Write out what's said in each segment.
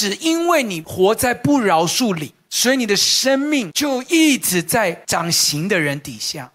只因為你活在不饒恕裡，所以你的生命就一直在掌刑的人底下。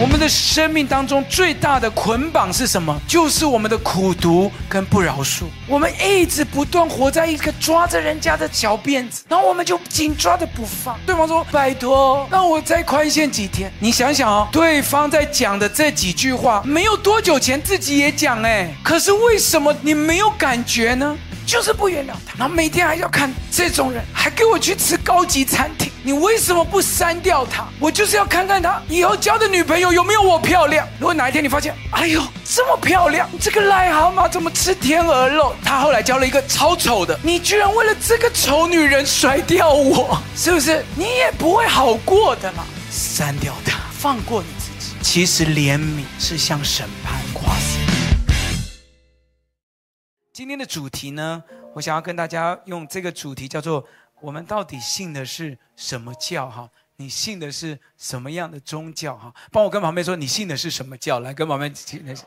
我們的生命當中最大的捆綁是什麼？就是我們的苦毒跟不饒恕。我們一直不斷活在一個抓着人家的小辮子，然後我們就緊抓着不放。對方說：“拜託，讓我再寬限幾天。”你想想哦，對方在講的這幾句話，沒有多久前自己也講哎，可是為什麼你沒有感覺呢？就是不原諒他，然後每天還要看這種人，還給我去吃高級餐廳。你為什麼不刪掉他？我就是要看看他以後交的女朋友有沒有我漂亮。如果哪一天你發現，哎呦這麼漂亮，你這個癩蛤蟆怎麼吃天鵝肉？他後來交了一個超醜的，你居然為了這個醜女人甩掉我，是不是？你也不會好過的啦。刪掉他，放過你自己。其實憐憫是向審判誇勝。今天的主題呢，我想要跟大家用這個主題叫做“我們到底信的是什麼教”哈？你信的是什麼樣的宗教哈？幫我跟旁邊說，你信的是什麼教，來跟旁邊一起。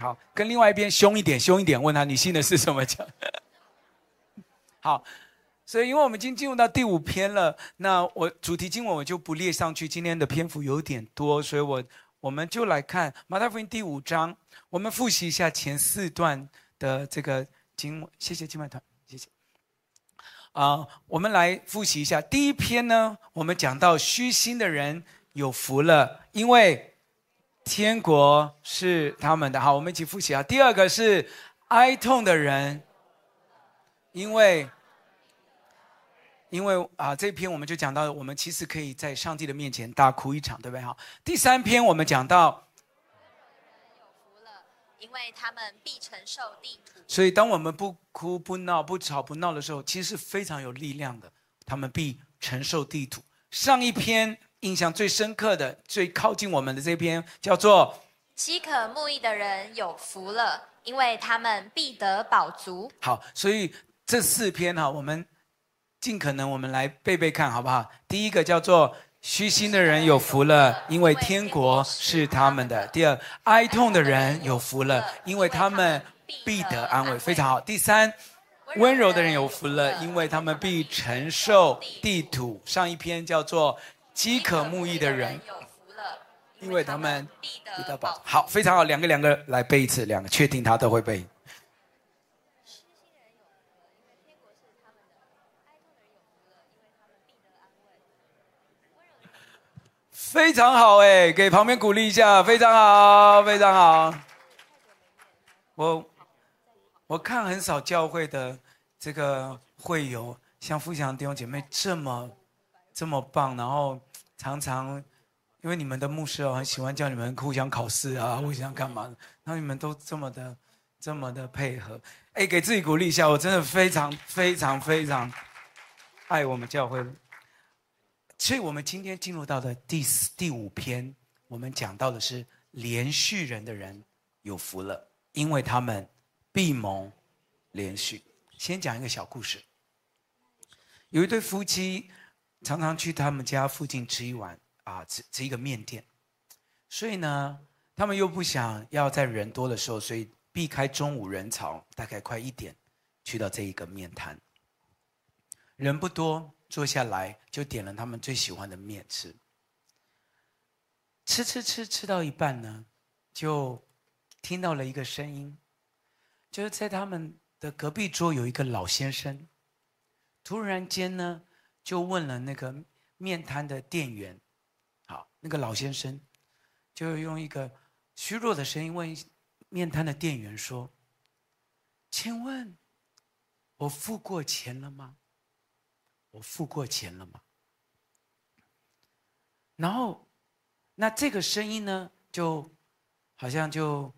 好，跟另外一邊凶一點，凶一點，問他你信的是什麼教。好，所以因為我們已經進入到第五篇了，那我主題經文我就不列上去。今天的篇幅有點多，所以我我們就來看馬太福音第五章，我們複習一下前四段。的這個經，謝謝敬拜團，謝謝。啊，我們來複習一下。第一篇呢，我們講到虛心的人有福了，因為天國是他們的。好，我們一起複習啊。第二個是哀痛的人，因為因為啊，這篇我們就講到，我們其實可以在上帝的面前大哭一場，對不對？好，第三篇我們講到。因為他們必承受地土。所以，當我們不哭不鬧不吵不鬧的時候，其實是非常有力量的。他們必承受地土。上一篇印象最深刻的、最靠近我們的這篇叫做“飢渴慕義的人有福了”，因為他們必得飽足。好，所以這四篇哈，我們盡可能我們來背背看好不好？第一個叫做。虛心的人有福了，因為天國是他們的。第二，哀痛的人有福了，因為他們必得安慰。非常好。第三，溫柔的人有福了，因為他們必承受地土。上一篇叫做“飢渴慕義的人”，有福了，因為他們必得飽。好，非常好。兩個兩個來背一次，兩個確定他都會背。非常好哎、欸，給旁邊鼓勵一下，非常好，非常好。我我看很少教會的這個會友像富強弟兄姐妹這麼這麼棒，然後常常因為你們的牧師哦很喜歡叫你們互相考試啊，互相幹嘛，然後你們都這麼的這麼的配合，哎、欸，給自己鼓勵一下，我真的非常非常非常愛我們教會。所以，我們今天進入到的第四、第五篇，我們講到的是憐恤人的人有福了，因為他們必蒙憐恤。先講一個小故事：有一對夫妻常常去他們家附近吃一碗啊，吃吃一個麵店。所以呢，他們又不想要在人多的時候，所以避開中午人潮，大概快一點去到這一個麵攤，人不多。坐下來就點了他們最喜歡的麵吃，吃吃吃吃到一半呢，就聽到了一個聲音，就是在他們的隔壁桌有一個老先生，突然間呢，就問了那個麵攤的店員，好，那個老先生就用一個虛弱的聲音問麵攤的店員說：“請問，我付過錢了嗎？”我付過錢了嗎？然後，那這個聲音呢，就好像就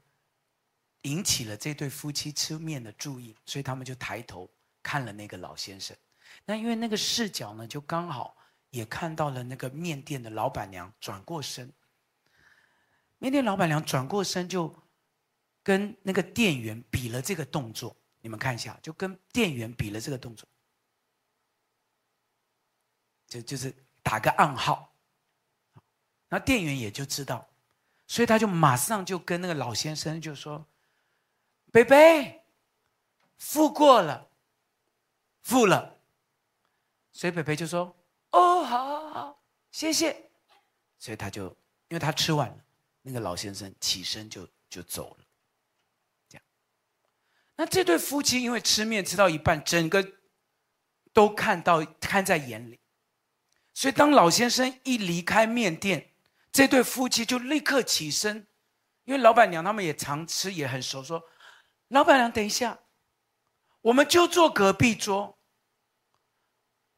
引起了這對夫妻吃麵的注意，所以他們就抬頭看了那個老先生。那因為那個視角呢，就剛好也看到了那個麵店的老闆娘轉過身。麵店老闆娘轉過身，就跟那個店員比了這個動作。你們看一下，就跟店員比了這個動作。就就是打個暗號，那店員也就知道，所以他就馬上就跟那個老先生就說：“北北，付過了，付了。”所以北北就說：“哦，好，好，好，謝謝。”所以他就，因為他吃完了，那個老先生起身就就走了。這樣，那這對夫妻因為吃麵吃到一半，整個都看到看在眼裡。所以，當老先生一離開麵店，這對夫妻就立刻起身，因為老闆娘他們也常吃，也很熟。說：“老闆娘，等一下，我們就坐隔壁桌。”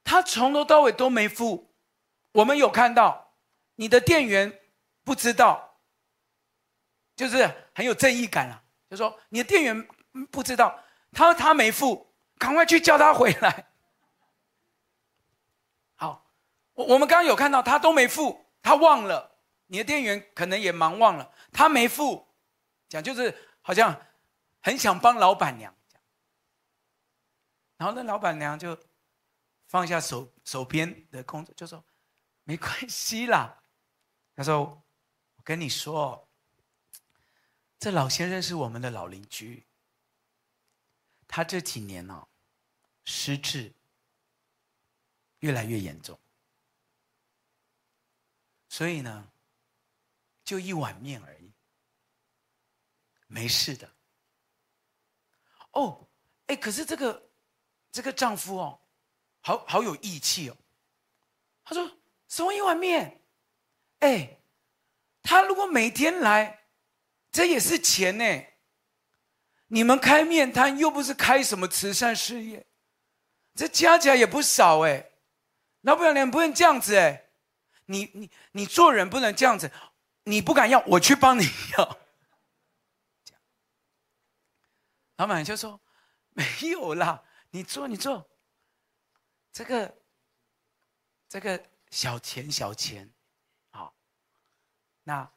他從頭到尾都沒付，我們有看到，你的店員不知道，就是很有正義感了啊。就說：“你的店員不知道，他他沒付，趕快去叫他回來。”我我們剛剛有看到，他都沒付，他忘了，你的店員可能也忙忘了，他沒付，講，就是好像很想幫老闆娘。然後那老闆娘就放下手手邊的工作，就說沒關係啦，她說我跟你說，這老先生是我們的老鄰居，他這幾年呢、哦、失智越來越嚴重。所以呢，就一碗麵而已，沒事的。哦，哎，可是這個這個丈夫哦，好好有義氣哦。他說送一碗麵，哎，他如果每天來，這也是錢呢。你們開麵攤又不是開什麼慈善事業，這加起來也不少哎。老闆娘不能這樣子哎。你你你做人不能這樣子，你不敢要，我去幫你要，這樣。老闆就說：“沒有啦，你坐你坐。”這個，這個小錢小錢，啊，那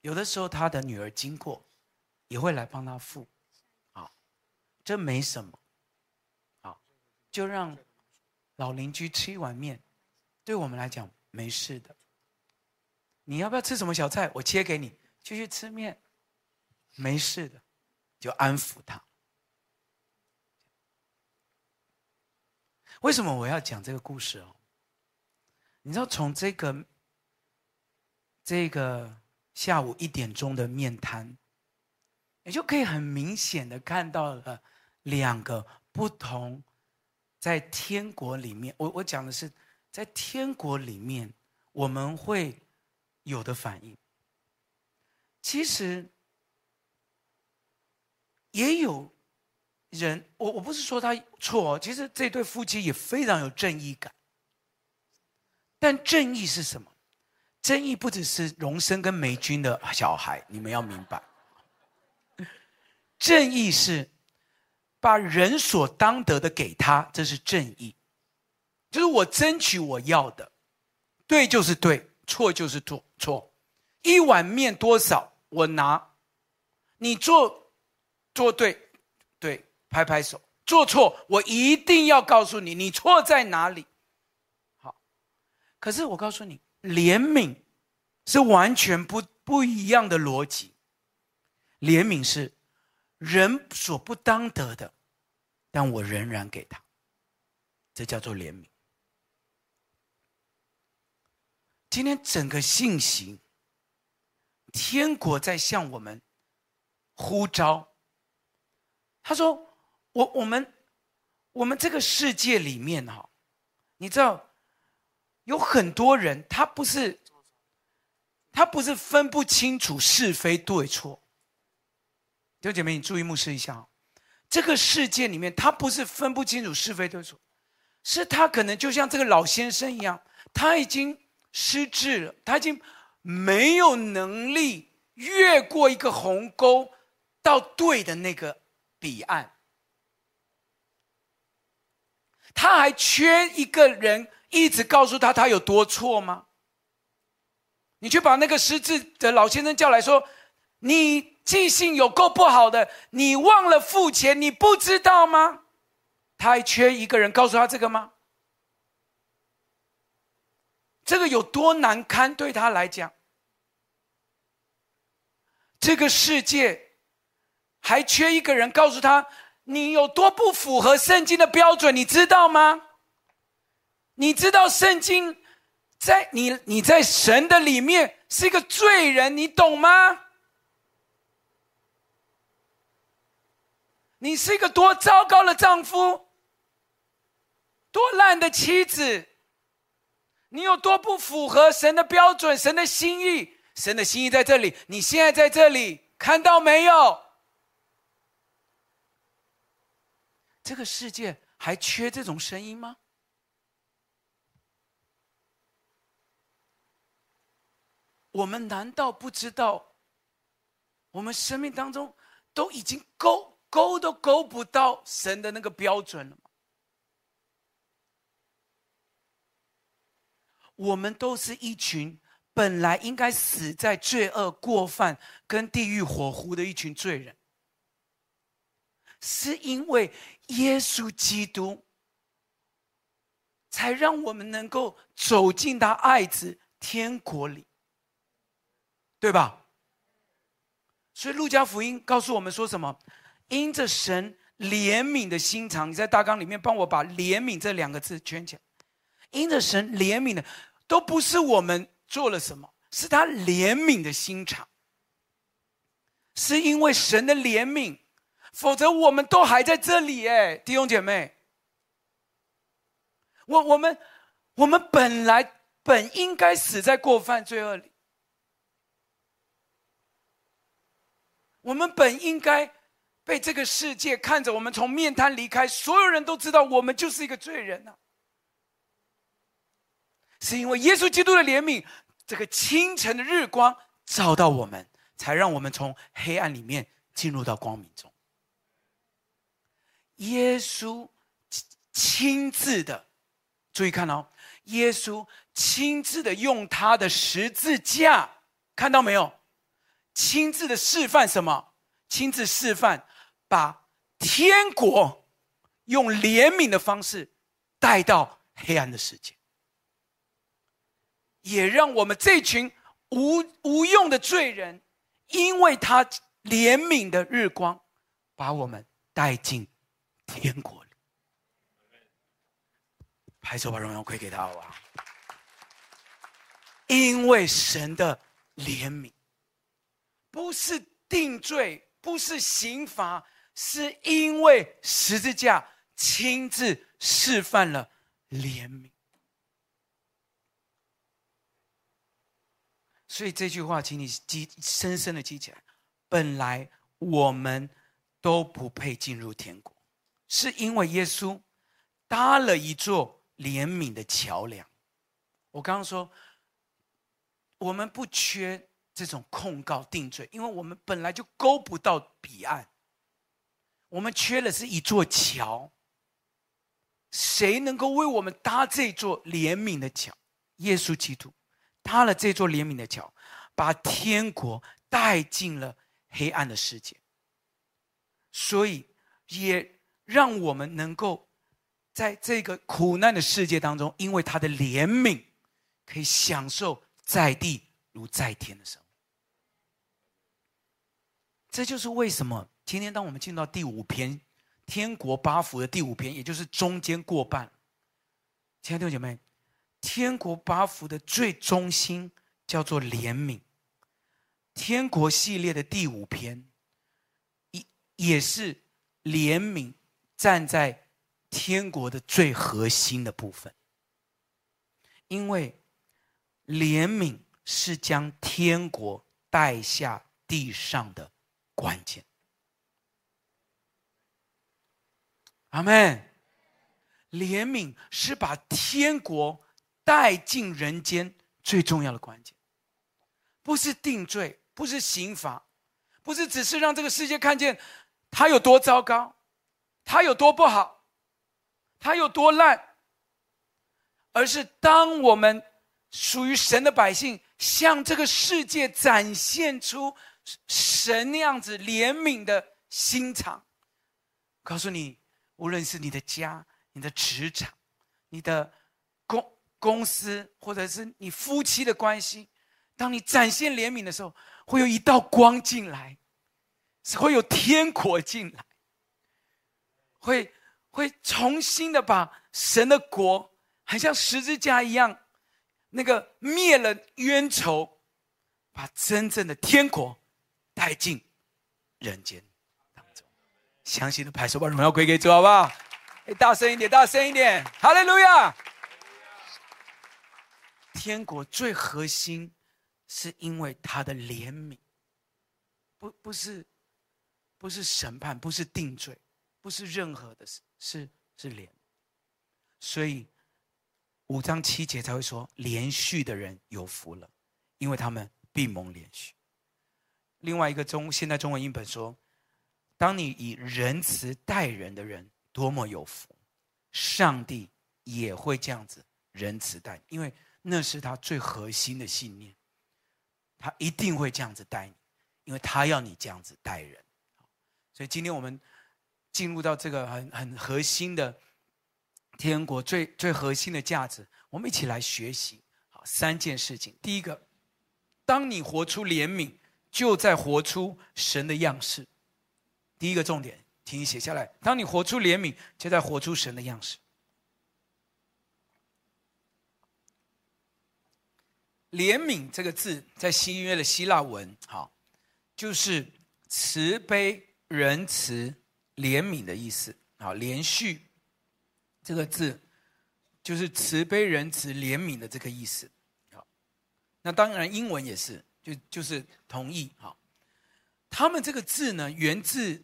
有的時候他的女兒經過，也會來幫他付，啊，這沒什麼，啊，就讓老鄰居吃一碗麵，對我們來講。沒事的。你要不要吃什麼小菜？我切給你。繼續吃麵，沒事的，就安撫他。為什麼我要講這個故事哦？你知道，從這個這個下午一點鐘的麵攤，你就可以很明顯的看到了兩個不同，在天國裡面，我我講的是。在天國裡面，我們會有的反應。其實也有人，我我不是說他錯，其實這對夫妻也非常有正義感。但正義是什麼？正義不只是榮生跟梅君的小孩，你們要明白。正義是把人所當得的給他，這是正義。就是我爭取我要的，對就是對，錯就是錯。錯，一碗麵多少我拿，你做做對對，拍拍手；做錯我一定要告訴你你錯在哪裡。好，可是我告訴你，憐憫是完全不不一樣的邏輯。憐憫是人所不當得的，但我仍然給他，這叫做憐憫。今天整個信息，天國在向我們呼召。他說：“我我們我們這個世界裡面哈，你知道有很多人，他不是他不是分不清楚是非對錯。弟兄姐妹，你注意目視一下，這個世界裡面，他不是分不清楚是非對錯，是他可能就像這個老先生一樣，他已經。”失智了，他已經沒有能力越過一個鴻溝到對的那個彼岸。他還缺一個人一直告訴他他有多錯嗎？你去把那個失智的老先生叫來說：“你記性有夠不好的，你忘了付錢，你不知道嗎？”他還缺一個人告訴他這個嗎？這個有多難堪對他來講？這個世界還缺一個人告訴他，你有多不符合聖經的標準，你知道嗎？你知道聖經在你，你在神的裡面是一個罪人，你懂嗎？你是一個多糟糕的丈夫，多爛的妻子。你有多不符合神的標準、神的心意？神的心意在這裡，你現在在這裡，看到沒有？這個世界還缺這種聲音嗎？我們難道不知道，我們生命當中都已經勾勾都勾不到神的那個標準了嗎？我們都是一群本來應該死在罪惡過犯跟地獄火湖的一群罪人，是因為耶穌基督才讓我們能夠走進他愛子天國裡，對吧？所以路加福音告訴我們說什麼？因着神憐憫的心腸，你在大綱裡面幫我把“憐憫”這兩個字圈起來。因着神憐憫的。都不是我們做了什麼，是他憐憫的心腸。是因為神的憐憫，否則我們都還在這裡。誒，弟兄姐妹，我我們我們本來本應該死在過犯罪惡裡，我們本應該被這個世界看着我們從面癱離開，所有人都知道我們就是一個罪人吶、啊。是因為耶穌基督的憐憫，這個清晨的日光照到我們，才讓我們從黑暗裡面進入到光明中。耶穌親自的，注意看哦，耶穌親自的用他的十字架，看到沒有？親自的示範什麼？親自示範把天國用憐憫的方式帶到黑暗的世界。也讓我們這群無無用的罪人，因為他憐憫的日光，把我們帶進天國裡。拍手 Amen. 把榮耀歸給他好不好？因為神的憐憫，不是定罪，不是刑罰，是因為十字架親自示範了憐憫。所以這句話，請你記，深深的記起來。本來我們都不配進入天國，是因為耶穌搭了一座憐憫的橋梁。我剛剛說，我們不缺這種控告定罪，因為我們本來就夠不到彼岸。我們缺的是一座橋。誰能夠為我們搭這座憐憫的橋？耶穌基督。踏了這座憐憫的橋，把天國帶進了黑暗的世界，所以也讓我們能夠在這個苦難的世界當中，因為他的憐憫，可以享受在地如在天的生活。這就是為什麼今天當我們進到第五篇《天國八福》的第五篇，也就是中間過半，親愛的弟兄姐妹。天國八福的最中心叫做憐憫。天國系列的第五篇，也也是憐憫站在天國的最核心的部分，因為憐憫是將天國帶下地上的關鍵。阿們，憐憫是把天國。帶進人間最重要的關鍵，不是定罪，不是刑罰，不是只是讓這個世界看見他有多糟糕，他有多不好，他有多爛，而是當我們屬於神的百姓，向這個世界展現出神那樣子憐憫的心腸。告訴你，無論是你的家、你的職場、你的……公司，或者是你夫妻的關係，當你展現憐憫的時候，會有一道光進來，是會有天國進來，會會重新的把神的國，很像十字架一樣，那個滅了冤仇，把真正的天國帶進人間當中。相信的拍手吧，把榮耀歸給主，好不好？哎，大聲一點，大聲一點。哈利路亞。天國最核心，是因為他的憐憫不、不，不是，不是審判，不是定罪，不是任何的事，是是憐憫。所以五章七節才會說，憐恤人的人有福了，因為他們必蒙憐恤。另外一個中，現代中文譯本說，當你以仁慈待人的人，多麼有福，上帝也會這樣子仁慈待，因為。那是他最核心的信念，他一定會這樣子待你，因為他要你這樣子待人。所以今天我們進入到這個很很核心的天國最最核心的價值，我們一起來學習。好，三件事情。第一個，當你活出憐憫，就在活出神的樣式。第一個重點，請你寫下來：當你活出憐憫，就在活出神的樣式。憐憫這個字在新約的希臘文，哈，就是慈悲、仁慈、憐憫的意思。啊，憐恤這個字，就是慈悲、仁慈、憐憫的這個意思。啊，那當然英文也是，就就是同義。好，他們這個字呢，源自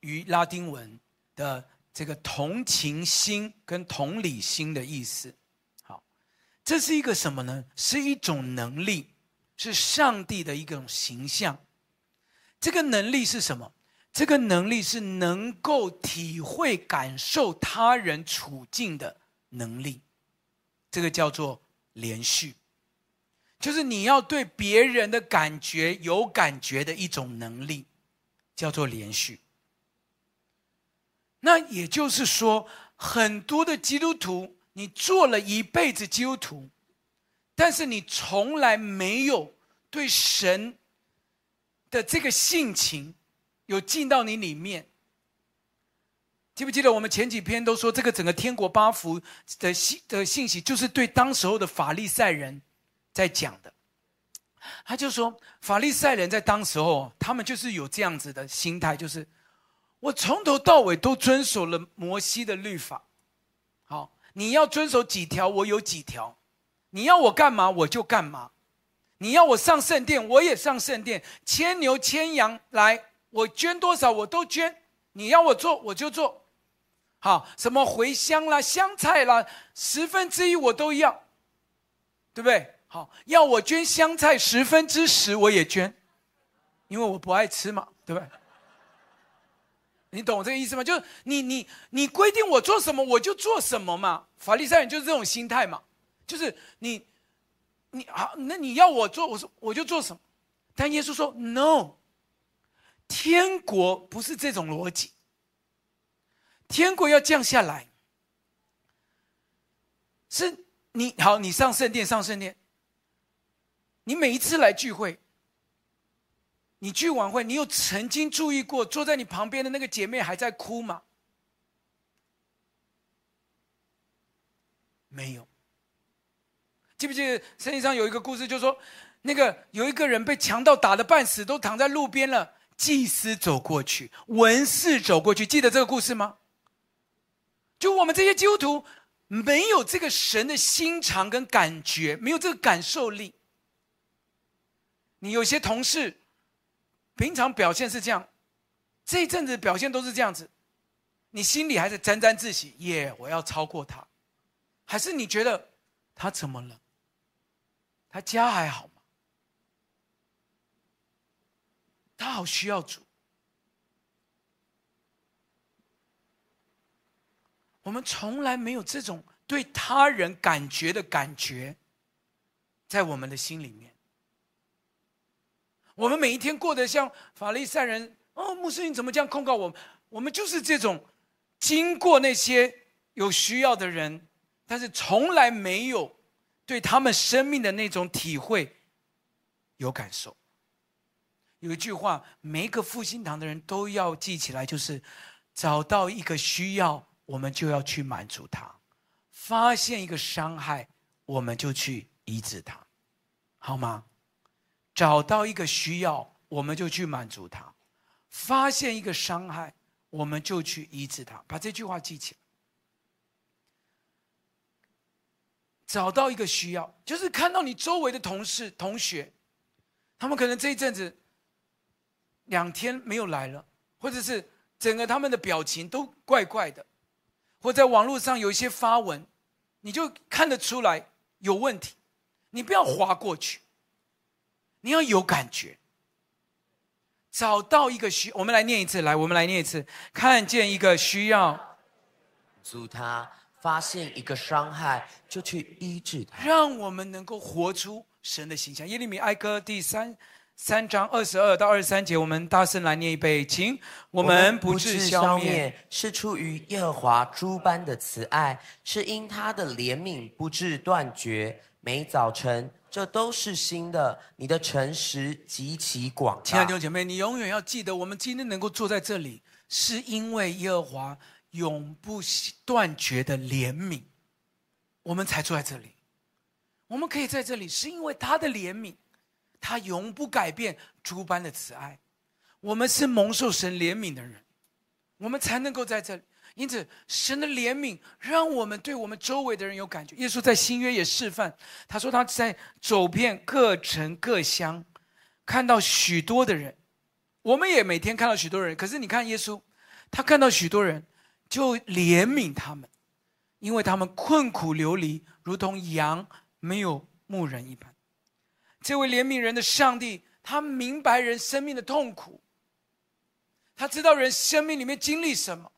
於拉丁文的這個同情心跟同理心的意思。這是一個什麼呢？是一種能力，是上帝的一種形象。這個能力是什麼？這個能力是能夠體會、感受他人處境的能力。這個叫做憐恤，就是你要對別人的感覺有感覺的一種能力，叫做憐恤。那也就是說，很多的基督徒。你做了一輩子基督徒，但是你從來沒有對神的這個性情有進到你裡面。記不記得我們前幾篇都說，這個整個天國八福的信的信息，就是對當時候的法利賽人在講的。他就說，法利賽人在當時候，他們就是有這樣子的心態，就是我從頭到尾都遵守了摩西的律法。你要遵守幾條，我有幾條；你要我幹嘛，我就幹嘛；你要我上聖殿，我也上聖殿。牽牛牽羊來，我捐多少我都捐。你要我做，我就做。好，什麼茴香啦、香菜啦，十分之一我都要，對不對？好，要我捐香菜十分之十，我也捐，因為我不愛吃嘛，對不對？你懂我這個意思嗎？就是你你你規定我做什麼，我就做什麼嘛。法利賽人就是這種心態嘛，就是你你啊，那你要我做，我說我就做什麼。但耶穌說，no，天國不是這種邏輯。天國要降下來，是你好，你上聖殿，上聖殿，你每一次來聚會。你去晚會，你有曾經注意過坐在你旁邊的那個姐妹還在哭嗎？沒有，記不記得聖經上有一個故事，就是說那個有一個人被強盜打得半死，都躺在路邊了，祭司走過去，文士走過去，記得這個故事嗎？就我們這些基督徒沒有這個神的心腸跟感覺，沒有這個感受力，你有些同事。平常表現是這樣，這一陣子的表現都是這樣子，你心裡還是沾沾自喜，耶！我要超過他，還是你覺得他怎麼了？他家還好嗎？他好需要主。我們從來沒有這種對他人感覺的感覺，在我們的心裡面。我們每一天過得像法利賽人哦，穆斯林怎麼這樣控告我們？我們就是這種，經過那些有需要的人，但是從來沒有對他們生命的那種體會有感受。有一句話，每一個復興堂的人都要記起來，就是：找到一個需要，我們就要去滿足他；發現一個傷害，我們就去醫治他，好嗎？找到一個需要，我們就去滿足他；發現一個傷害，我們就去醫治他。把這句話記起來。找到一個需要，就是看到你周圍的同事、同學，他們可能這一陣子兩天沒有來了，或者是整個他們的表情都怪怪的，或者在網絡上有一些發文，你就看得出來有問題。你不要滑過去。你要有感覺，找到一個需要，我們來念一次，來，我們來念一次，看見一個需要，主他發現一個傷害，就去醫治他，讓我們能夠活出神的形象。耶利米哀歌第三三章二十二到二十三節，我們大聲來念一遍，請我們不致消滅，消滅是出於耶和華諸般的慈愛，是因他的憐憫不致斷絕，每早晨。這都是新的，你的誠實極其廣大。親愛的弟兄姐妹，你永遠要記得，我們今天能夠坐在這裡，是因爲耶和華永不斷絕的憐憫，我們才坐在這裡。我們可以在這裡，是因爲他的憐憫，他永不改變諸般的慈愛。我們是蒙受神憐憫的人，我們才能夠在這裡。因此，神的憐憫讓我們對我們周圍的人有感覺。耶穌在新約也示範，他說他在走遍各城各鄉，看到許多的人，我們也每天看到許多人。可是你看耶穌，他看到許多人，就憐憫他們，因為他們困苦流離，如同羊沒有牧人一般。這位憐憫人的上帝，他明白人生命的痛苦，他知道人生命裡面經歷什麼。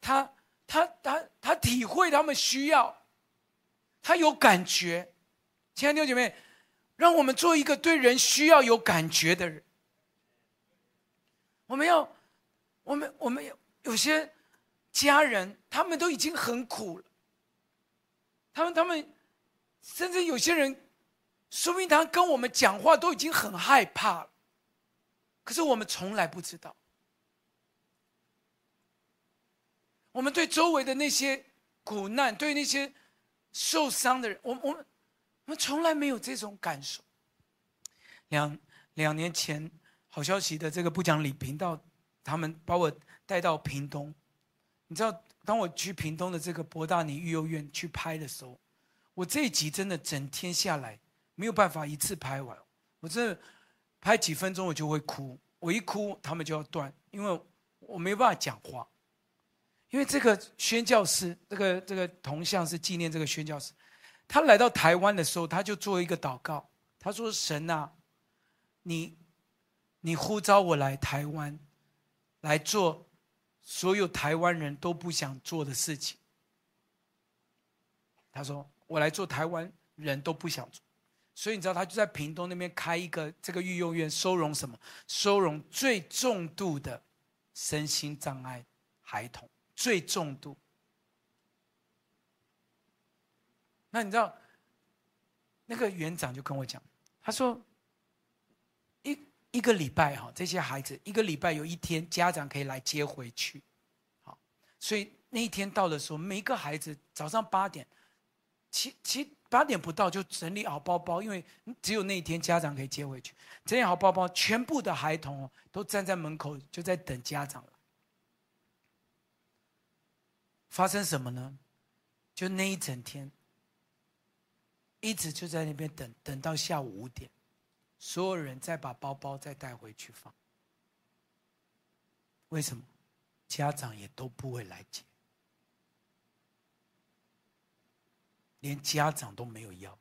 他他他他體會他們需要，他有感覺。親愛的弟兄姐妹，讓我們做一個對人需要有感覺的人。我們要，我們我們有有些家人，他們都已經很苦了。他們他們，甚至有些人，說不定他跟我們講話都已經很害怕了。可是我們從來不知道。我們對周圍的那些苦難，對那些受傷的人，我們我們我們從來沒有這種感受。兩兩年前，好消息的這個不講理頻道，他們把我帶到屏東。你知道，當我去屏東的這個博大尼育幼院去拍的時候，我這一集真的整天下來沒有辦法一次拍完。我真的拍幾分鐘我就會哭，我一哭他們就要斷，因為我沒辦法講話。因為這個宣教師，這個這個銅像是紀念這個宣教師。他來到台灣的時候，他就做一個禱告。他說：“神啊，你你呼召我來台灣，來做所有台灣人都不想做的事情。”他說：“我來做台灣人都不想做。”所以你知道，他就在屏東那邊開一個這個育幼院，收容什麼？收容最重度的身心障礙孩童。最重度。那你知道，那個園長就跟我講，他說，一一個禮拜哈、哦，這些孩子一個禮拜有一天家長可以來接回去，好，所以那一天到的時候，每一個孩子早上八點，七七八點不到就整理好包包，因為只有那一天家長可以接回去，整理好包包，全部的孩童哦都站在門口就在等家長了。發生什麼呢？就那一整天，一直就在那邊等，等到下午五點，所有人再把包包再帶回去放。為什麼？家長也都不會來接，連家長都沒有要。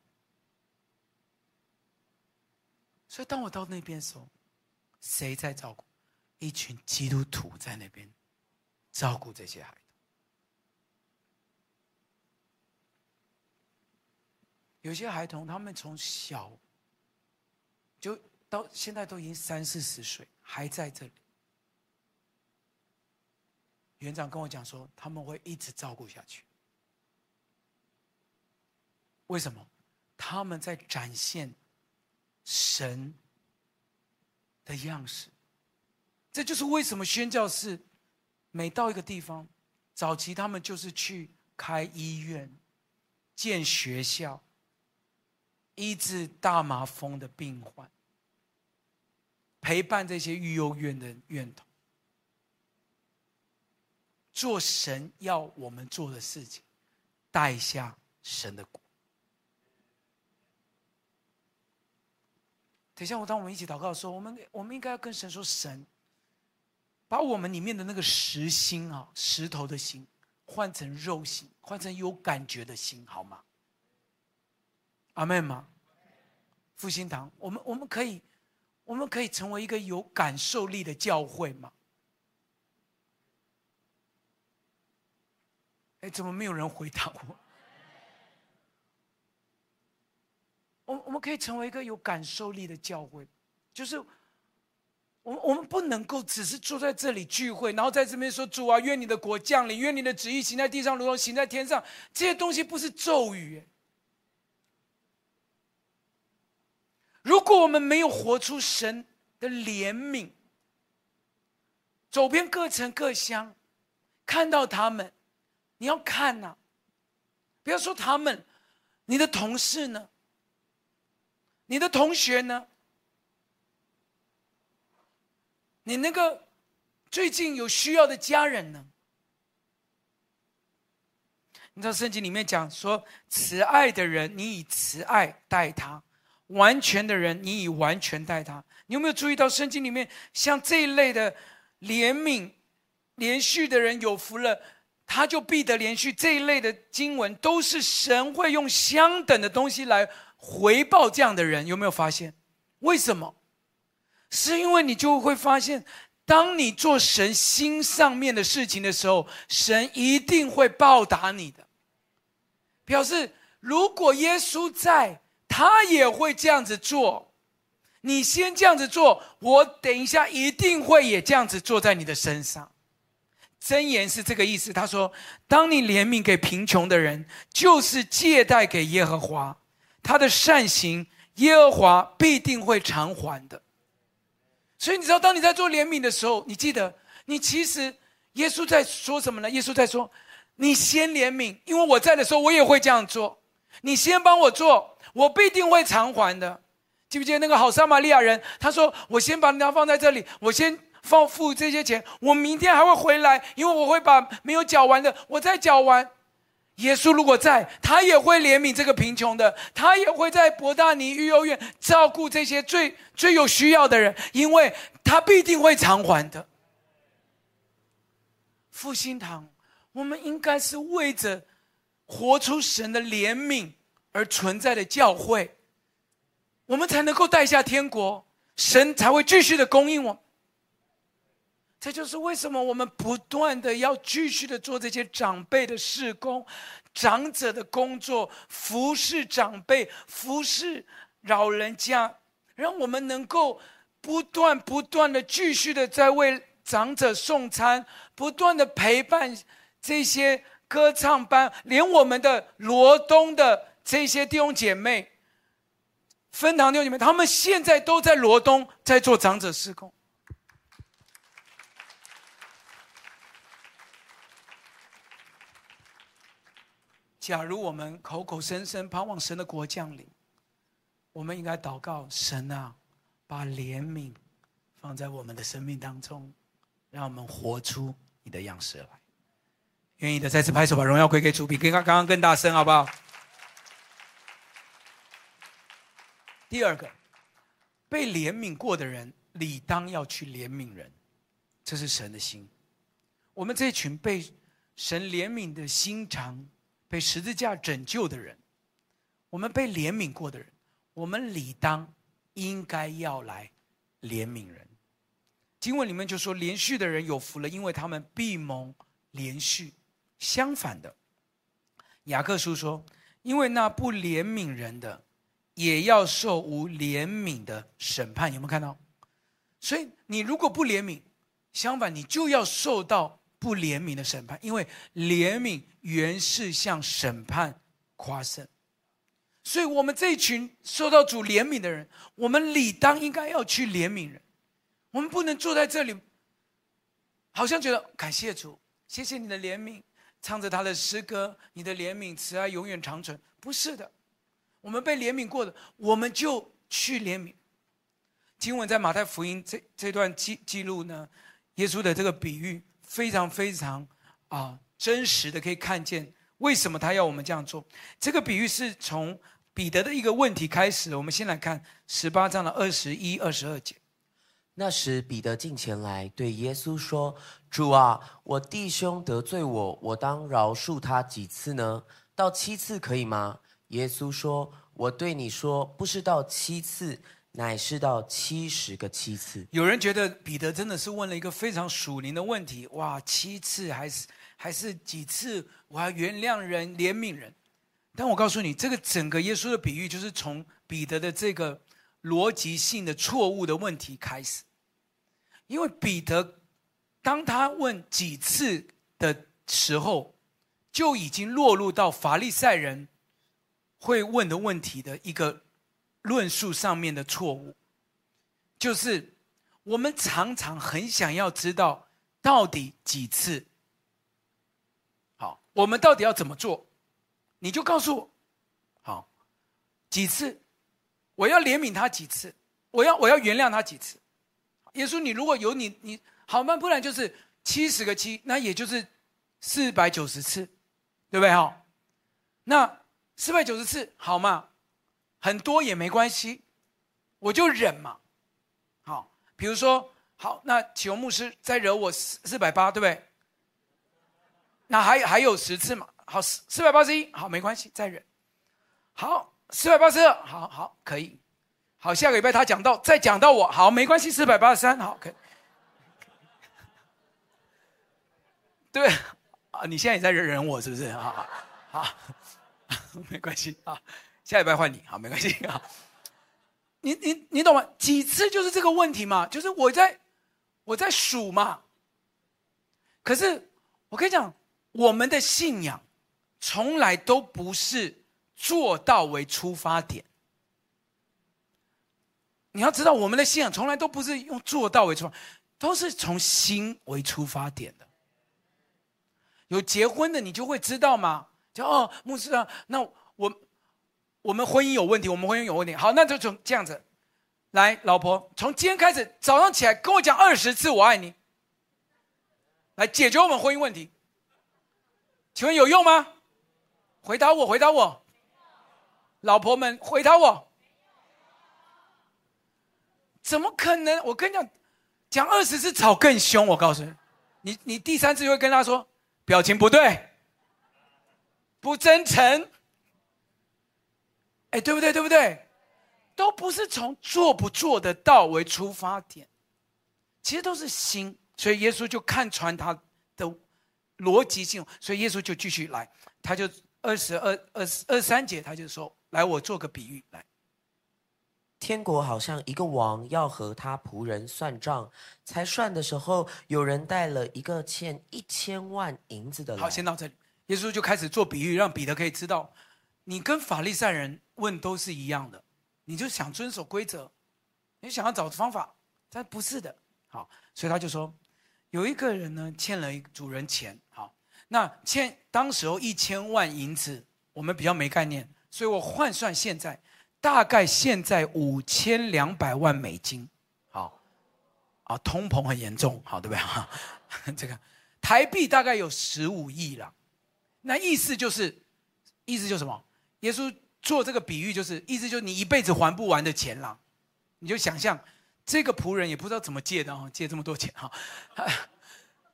所以當我到那邊的時候，誰在照顧？一群基督徒在那邊照顧這些孩子。有些孩童，他們從小就到現在都已經三四十歲，還在這裡。園長跟我講說，他們會一直照顧下去。為什麼？他們在展現神的樣式。這就是為什麼宣教士每到一個地方，早期他們就是去開醫院、建學校。醫治大麻風的病患，陪伴這些育幼院的院童，做神要我們做的事情，帶下神的國。等一下，我當我們一起禱告的時候，我們我們應該要跟神說：神，把我們裡面的那個石心啊，石頭的心，換成肉心，換成有感覺的心，好嗎？阿們嗎？嘛，復興堂，我們我們可以，我們可以成為一個有感受力的教會嗎？哎，怎麼沒有人回答我？我我們可以成為一個有感受力的教會，就是我們我們不能夠只是坐在這裡聚會，然後在這邊說，主啊，願你的國降臨，願你的旨意行在地上，如同行在天上。這些東西不是咒語。如果我們沒有活出神的憐憫，走遍各城各鄉，看到他們，你要看吶、啊，不要說他們，你的同事呢？你的同學呢？你那個最近有需要的家人呢？你知道聖經裡面講說，慈愛的人，你以慈愛待他。完全的人，你以完全待他。你有沒有注意到聖經裡面像這一類的憐憫、憐恤的人有福了，他就必得憐恤這一類的經文，都是神會用相等的東西來回報這樣的人。有沒有發現？為什麼？是因為你就會發現，當你做神心上面的事情的時候，神一定會報答你的。表示如果耶穌在。他也會這樣子做，你先這樣子做，我等一下一定會也這樣子做在你的身上。《箴言》是這個意思。他說：當你憐憫給貧窮的人，就是借貸給耶和華，他的善行，耶和華必定會償還的。所以你知道，當你在做憐憫的時候，你記得，你其實耶穌在說什麼呢？耶穌在說：你先憐憫，因為我在的時候，我也會這樣做。你先幫我做。我必定會償還的，記不記得那個好撒瑪利亞人，他說：“我先把牛放在這裡，我先放付這些錢，我明天還會回來，因為我會把沒有繳完的，我再繳完。”耶穌如果在，他也會憐憫這個貧窮的，他也會在伯大尼育幼院照顧這些最最有需要的人，因為他必定會償還的。復興堂，我們應該是為着活出神的憐憫而存在的教會，我們才能夠帶下天國，神才會繼續的供應我。這就是為什麼我們不斷的要繼續的做這些長輩的事工、長者的工作，服侍長輩，服侍老人家，讓我們能夠不斷不斷的繼續的在為長者送餐，不斷的陪伴這些歌唱班，連我們的羅東的。這些弟兄姐妹，分堂弟兄姐妹，他們現在都在羅東，在做長者事工。假如我們口口聲聲盼望神的國降臨，我們應該禱告神啊，把憐憫放在我們的生命當中，讓我們活出你的樣式來。願意的，再次拍手，把榮耀歸給主，比他剛剛更大聲，好不好？第二個，被憐憫過的人理當要去憐憫人，這是神的心。我們這群被神憐憫的心腸、被十字架拯救的人，我們被憐憫過的人，我們理當應該要來憐憫人。經文裡面就說，憐恤的人有福了，因為他們必蒙憐恤。相反的，雅各書說，因為那不憐憫人的，也要受無憐憫的審判，有沒有看到？所以你如果不憐憫，相反你就要受到不憐憫的審判，因為憐憫原是向審判誇勝。所以我們這群受到主憐憫的人，我們理當應該要去憐憫人，我們不能坐在這裡，好像覺得感謝主，謝謝你的憐憫，唱着他的詩歌，你的憐憫慈愛永遠長存。不是的。我們被憐憫過的，我們就去憐憫。經文在馬太福音這這段記記錄呢，耶穌的這個比喻非常非常啊、呃、真實的，可以看見為什麼他要我們這樣做。這個比喻是從彼得的一個問題開始。我們先來看十八章的二十一、二十二節。那時彼得進前來，對耶穌說：“主啊，我弟兄得罪我，我當饒恕他幾次呢？到七次可以嗎？”耶穌說：“我對你說，不是到七次，乃是到七十個七次。”有人覺得彼得真的是問了一個非常屬靈的問題，哇，七次還是還是幾次？我要原諒人，憐憫人。但我告訴你，這個整個耶穌的比喻就是從彼得的這個邏輯性的錯誤的問題開始，因為彼得當他問幾次的時候，就已經落入到法利賽人會問的問題的一個論述上面的錯誤，就是我們常常很想要知道到底幾次，好，我們到底要怎麼做？你就告訴我，好幾次，我要憐憫他幾次？我要我要原諒他幾次？耶穌，你如果有你你好嘛？不然就是七十個七，那也就是四百九十次，對不對哈？哦，那，四百九十次好嘛，很多也沒關係，我就忍嘛，好，比如說，好，那啟宏牧師再惹我四四百八，對不對？那還還有十次嘛，好四四百八十一，好沒關係，再忍，好四百八十二，好好可以，好下個禮拜他講到再講到我，好沒關係，四百八十三，好可以，對，啊，你現在也在忍忍我是不是啊？好,好。好沒關係啊，下禮拜換你啊，沒關係啊。你你你懂嗎？幾次就是這個問題嘛，就是我在我在數嘛。可是我跟你講，我們的信仰從來都不是做到為出發點。你要知道，我們的信仰從來都不是用做到為出發，都是從心為出發點的。有結婚的，你就會知道嗎？就哦，牧師啊，那我我們婚姻，有問題，我們婚姻有問題。好，那就從這樣子，來，老婆，從今天開始，早上起來跟我講二十次我愛你，來解決我們婚姻問題。請問有用嗎？回答我，回答我，老婆們回答我，怎麼可能？我跟你講，講二十次吵更兇。我告訴你，你你第三次就會跟他說，表情不對。不真誠，哎，對不對？對不對？都不是從做不做得到為出發點，其實都是心。所以耶穌就看穿他的邏輯性，所以耶穌就繼續來，他就二十二、二十二三節，他就說：“來，我做個比喻來，天國好像一個王要和他僕人算賬，才算的時候，有人帶了一個欠一千萬銀子的。”好，先到這裡。耶穌就開始做比喻，讓彼得可以知道，你跟法利賽人問都是一樣的，你就想遵守規則，你就想要找方法，但不是的。好，所以他就說，有一個人呢欠了主人錢，好，那欠當時候一千萬銀子，我們比較沒概念，所以我換算現在，大概現在五千兩百萬美金，好，啊，通膨很嚴重，好，對不對？哈，這個台幣大概有十五億了。那意思就是，意思就是什麼？耶穌做這個比喻就是，意思就是你一輩子還不完的錢了，你就想象這個僕人也不知道怎麼借的，哦、借這麼多錢哈，哦、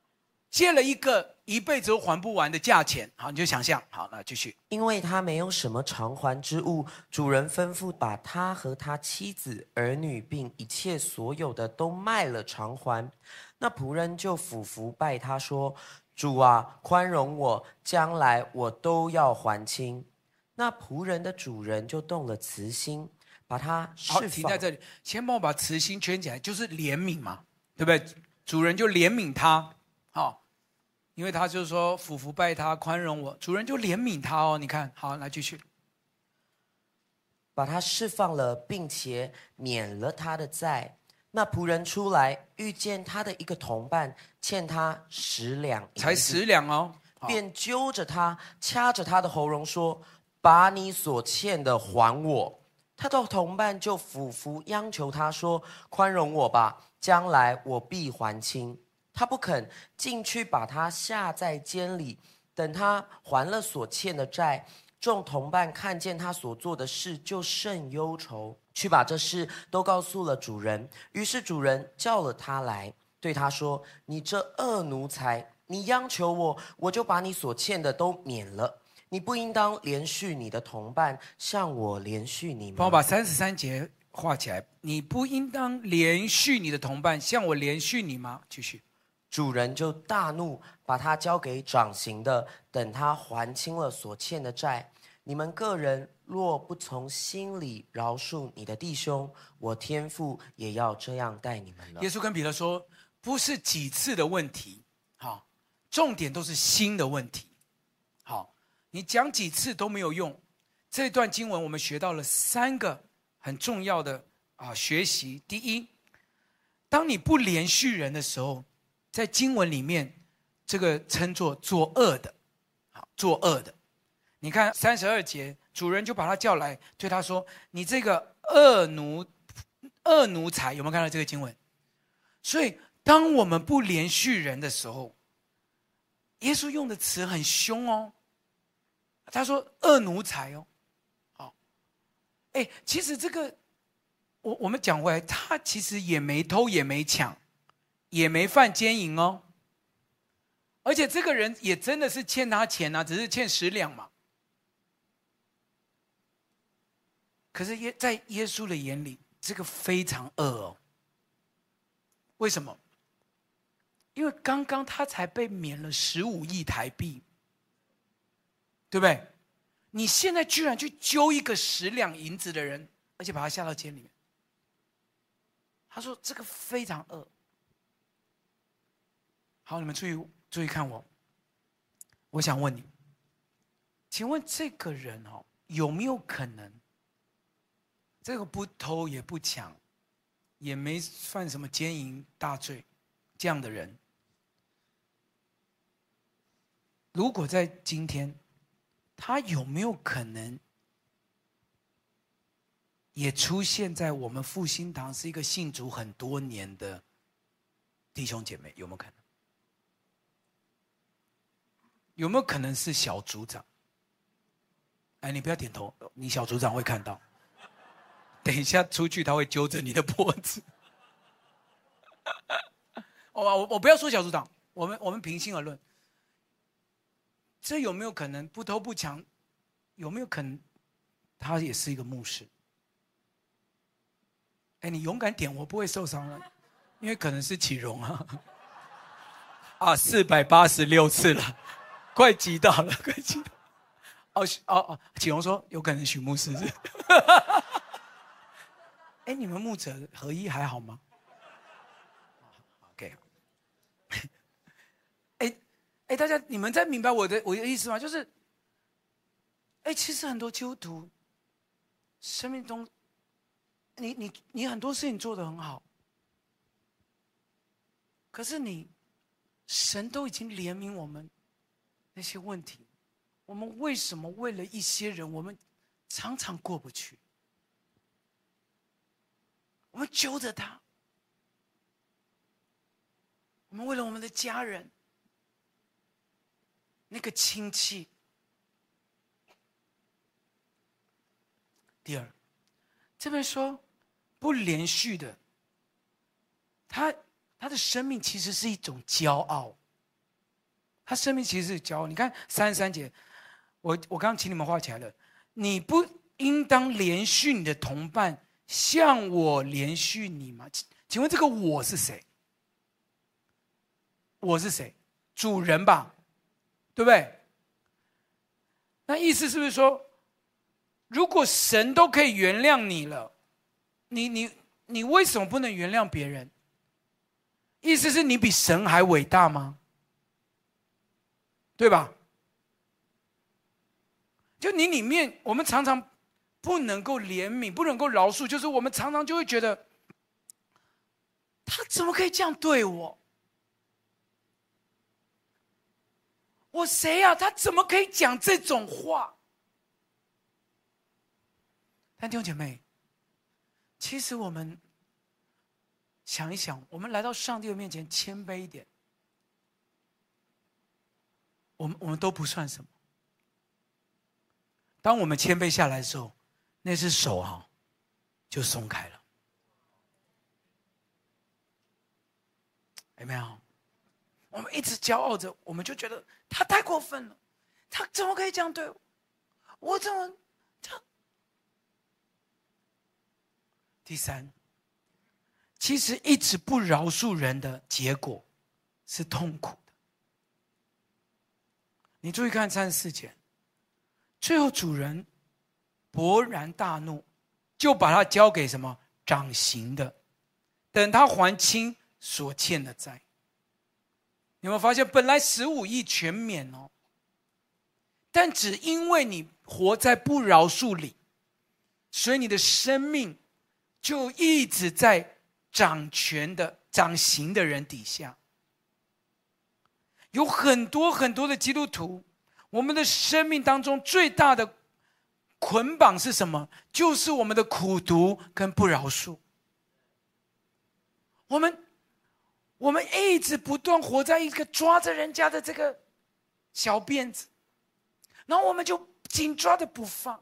借了一個一輩子還不完的價錢，好，你就想象好，那繼續。因為他沒有什麼償還之物，主人吩咐把他和他妻子、兒女，並一切所有的都賣了償還。那僕人就俯伏拜他說。主啊，寬容我，將來我都要還清。那僕人的主人就動了慈心，把他釋放。好，停在這裡，先幫我把慈心圈起來，就是憐憫嘛，對不對？主人就憐憫他，好、哦，因為他就是說，俯伏拜他，寬容我。主人就憐憫他哦，你看好，來繼續，把他釋放了，並且免了他的債。那僕人出來，遇見他的一個同伴欠他十兩，才十兩哦，便揪着他，掐着他的喉嚨說：“好把你所欠的還我！”他的同伴就俯伏央求他說：“寬容我吧，將來我必還清。”他不肯進去，把他下在監裡，等他還了所欠的債。眾同伴看見他所做的事，就甚憂愁。去把這事都告訴了主人，於是主人叫了他來，對他說：“你這惡奴才，你央求我，我就把你所欠的都免了。你不應當憐恤你的同伴像我憐恤你嗎？”幫我把三十三節畫起來。你不應當憐恤你的同伴像我憐恤你嗎？繼續。主人就大怒，把他交給掌刑的，等他還清了所欠的債，你們各人。若不從心裡饒恕你的弟兄，我天父也要這樣待你們了。耶穌跟彼得說：“不是幾次的問題，好，重點都是心的問題。好，你講幾次都沒有用。”這段經文我們學到了三個很重要的啊學習。第一，當你不憐恤人的時候，在經文裡面這個稱作作惡的，好作惡的。你看三十二節。主人就把他叫來，對他說：“你這個惡奴，惡奴才，有沒有看到這個經文？”所以，當我們不憐恤人的時候，耶穌用的詞很凶哦。他說：“惡奴才哦，好、哦，哎，其實這個，我我們講回來，他其實也沒偷，也沒搶，也沒犯奸淫哦。而且，這個人也真的是欠他錢啊，只是欠十兩嘛。”可是耶，在耶穌的眼裡，這個非常惡哦。為什麼？因為剛剛他才被免了十五億台幣，對不對？你現在居然去揪一個十兩銀子的人，而且把他下到監裡面。他說這個非常惡。好，你們注意注意看我。我想問你，請問這個人哦，有沒有可能？這個不偷也不搶，也沒犯什麼奸淫大罪，這樣的人，如果在今天，他有沒有可能，也出現在我們復興堂，是一個信主很多年的弟兄姐妹，有沒有可能？有沒有可能是小組長？哎，你不要點頭，你小組長會看到。等一下出去，他會揪着你的脖子。我我我不要說小組長，我們我們平心而論，這有沒有可能不偷不搶？有沒有可能他也是一個牧師？哎，你勇敢點，我不會受傷了，因為可能是啟榮啊。啊，四百八十六次了，快擊到了，快擊到。哦啟哦哦，啟榮說有可能許牧師。哎，你們牧者合一還好嗎？OK，哎， 哎，大家，你們在明白我的我的意思嗎？就是，哎，其實很多基督徒生命中，你你你很多事情做得很好，可是你神都已經憐憫我們那些問題，我們為什麼為了一些人，我們常常過不去？我們揪着他，我們為了我們的家人，那個親戚。第二，這邊說不憐恤的，他他的生命其實是一種驕傲，他生命其實是驕傲。你看三十三節，我我剛剛請你們畫起來了，你不應當憐恤你的同伴。像我憐恤你嗎？請請問這個我是誰？我是誰？主人吧，對不對？那意思是不是說，如果神都可以原諒你了，你你你為什麼不能原諒別人？意思是你比神還偉大嗎？對吧？就你裡面，我們常常。不能夠憐憫，不能夠饒恕，就是我們常常就會覺得，他怎麼可以這樣對我？我誰呀、啊？他怎麼可以講這種話？但弟兄姐妹，其實我們想一想，我們來到上帝的面前，謙卑一點，我們我們都不算什麼。當我們謙卑下來的時候，那隻手哈，就鬆開了。有沒有？我們一直驕傲着，我們就覺得他太過分了，他怎麼可以這樣對我？我怎麼他？第三，其實一直不饒恕人的結果是痛苦的。你注意看三十四節，最後主人。勃然大怒，就把他交給什麼掌刑的，等他還清所欠的債。你有沒有發現，本來十五億全免哦，但只因為你活在不饒恕裡，所以你的生命就一直在掌權的、掌刑的人底下。有很多很多的基督徒，我們的生命當中最大的捆綁是什麼？就是我們的苦毒跟不饒恕。我們，我們一直不斷活在一個抓着人家的這個小辮子，然後我們就緊抓着不放。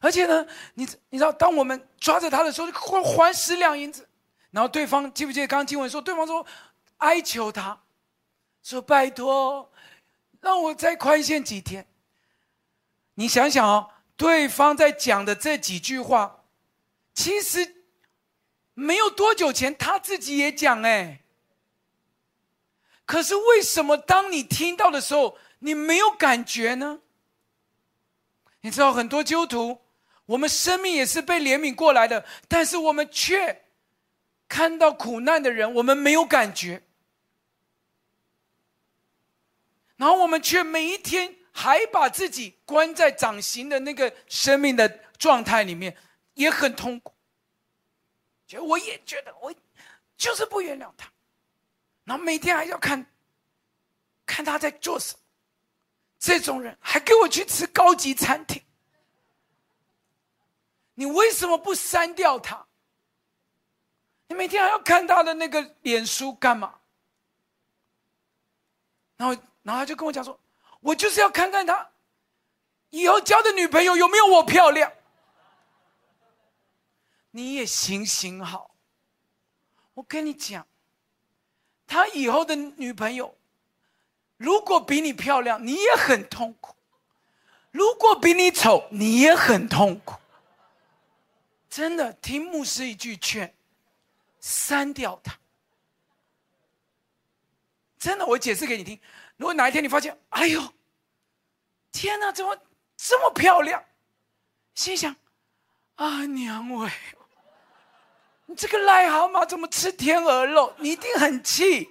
而且呢，你你知道，當我們抓着他的時候，就會還十兩銀子。然後對方記不記得剛剛經文說，對方說哀求他，說拜托，讓我再寬限幾天。你想想哦，對方在講的這幾句話，其實沒有多久前他自己也講誒、哎。可是為什麼當你聽到的時候，你沒有感覺呢？你知道，很多基督徒，我們生命也是被憐憫過來的，但是我們卻看到苦難的人，我們沒有感覺，然後我們卻每一天。還把自己關在掌心的那個生命的狀態裡面，也很痛苦。就我也覺得我就是不原諒他，然後每天還要看，看他在做什麼。這種人還給我去吃高級餐廳，你為什麼不刪掉他？你每天還要看他的那個臉書幹嘛？然後，然後他就跟我講說。我就是要看看他，以後交的女朋友有沒有我漂亮。你也行行好，我跟你講，他以後的女朋友，如果比你漂亮，你也很痛苦；如果比你醜，你也很痛苦。真的，聽牧師一句勸，刪掉他。真的，我解釋給你聽：如果哪一天你發現，哎呦！天哪，怎麼這麼漂亮？心想啊，娘喂，你這個癩蛤蟆怎麼吃天鵝肉？你一定很氣，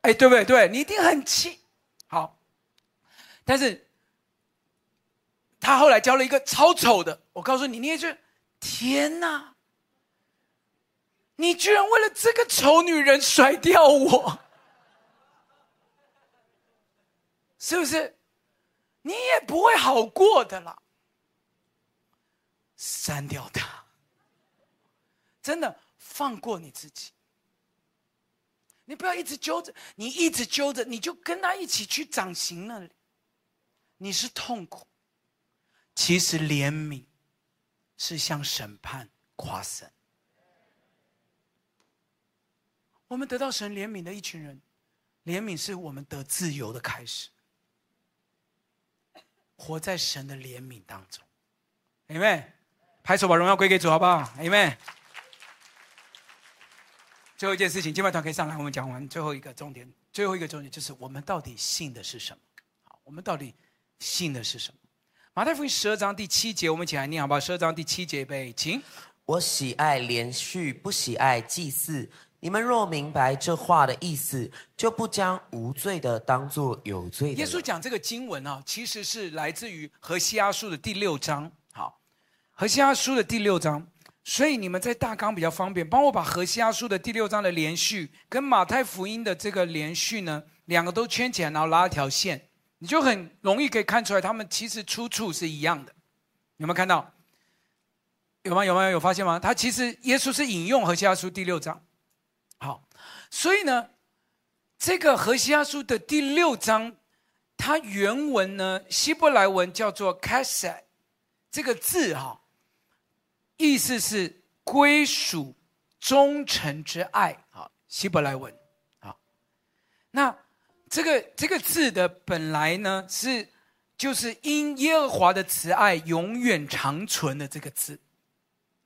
哎，對不對？對，你一定很氣。好，但是他後來交了一個超醜的。我告訴你，你也覺得，天哪，你居然為了這個醜女人甩掉我，是不是？你也不會好過的啦。刪掉他，真的放過你自己。你不要一直揪着，你一直揪着，你就跟他一起去掌刑那裡。你是痛苦，其實憐憫是向審判誇勝。我們得到神憐憫的一群人，憐憫是我們得自由的開始。活在神的憐憫當中，阿們，拍手把榮耀歸給主好不好？阿們，最後，一件事情，敬拜團可以上來，我們講完最後一個重點，最後一個重點就是我們到底信的是什麼？好，我們到底信的是什麼？馬太福音十二章第七節，我們一起來念好不好？十二章第七節，預備，請。我喜愛憐恤，不喜愛祭祀。你們若明白這話的意思，就不將無罪的當作有罪的。耶穌講這個經文啊，其實是來自於何西阿書的第六章。好，何西阿書的第六章，所以你們在大綱比較方便，幫我把何西阿書的第六章的連續跟馬太福音的這個連續呢，兩個都圈起來，然後拉一條線，你就很容易可以看出來，他們其實出處是一樣的。有沒有看到？有嗎？有嗎？有發現嗎？他其實耶穌是引用何西阿書第六章。所以呢，這個何西阿書的第六章，它原文呢，希伯來文叫做 kaseh 這個字哈、哦，意思是歸屬、忠誠之愛啊。希伯來文啊，那這個這個字的本來呢，是就是因耶和華的慈愛永遠長存的這個字，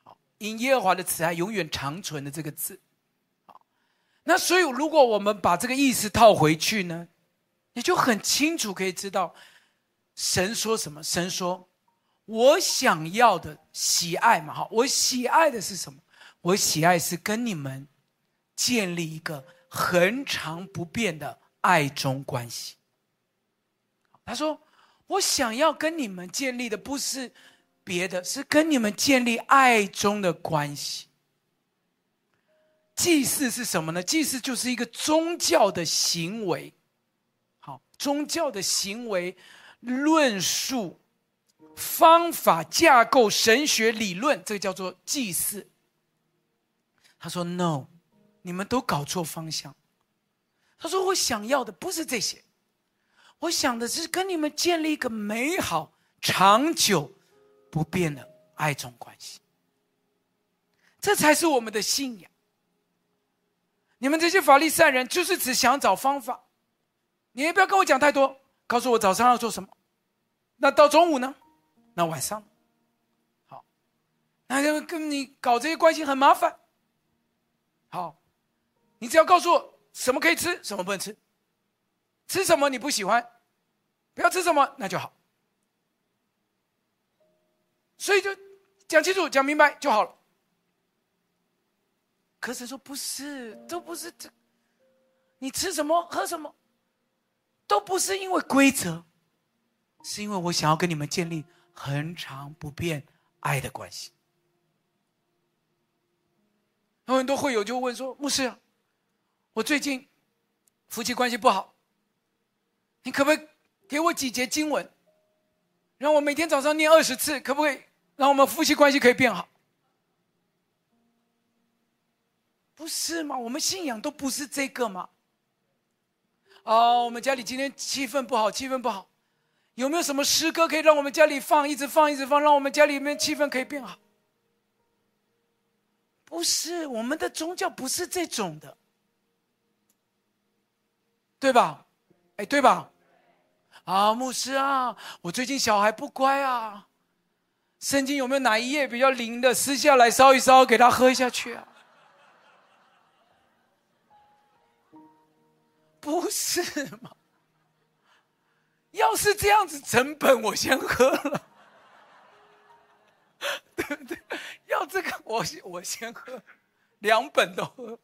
好，因耶和華的慈愛永遠長存的這個字。那所以，如果我們把這個意思套回去呢，你就很清楚可以知道，神說什麼？神說：“我想要的喜愛嘛，哈，我喜愛的是什麼？我喜愛是跟你們建立一個恆常不變的愛中關係。”他說：“我想要跟你們建立的不是別的，是跟你們建立愛中的關係。”祭祀是什麼呢？祭祀就是一個宗教的行為。好，宗教的行為論述方法架構神學理論，這個叫做祭祀。他說：“No，你們都搞錯方向。”他說：“我想要的不是這些，我想的是跟你們建立一個美好、長久、不變的愛中關係，這才是我們的信仰。”你們這些法利賽人就是只想找方法，你也不要跟我講太多，告訴我早上要做什麼？那到中午呢？那晚上？好，那就跟你搞這些關係很麻煩。好，你只要告訴我什麼可以吃，什麼不能吃，吃什麼你不喜歡，不要吃什麼那就好。所以就講清楚，講明白就好了。可是說：“不是，都不是這。你吃什麼、喝什麼，都不是因為規則，是因為我想要跟你們建立恆常不變愛的關係。”有很多會友就問說：“牧師，我最近夫妻關係不好，你可不可以給我幾節經文，讓我每天早上念二十次，可不可以讓我們夫妻關係可以變好？”不是嗎？我們信仰都不是這個嗎？哦，我們家裡今天氣氛不好，氣氛不好，有沒有什麼詩歌可以讓我們家裡放，一直放，一直放，讓我們家裡面氣氛可以變好？不是，我們的宗教不是這種的，對吧？哎，對吧？啊，牧師啊，我最近小孩不乖啊，聖經有沒有哪一頁比較靈的？撕下來燒一燒，給他喝下去啊。不是嗎？要是這樣子，整本我先喝了。 對不對，要這個我我先喝，兩本都喝。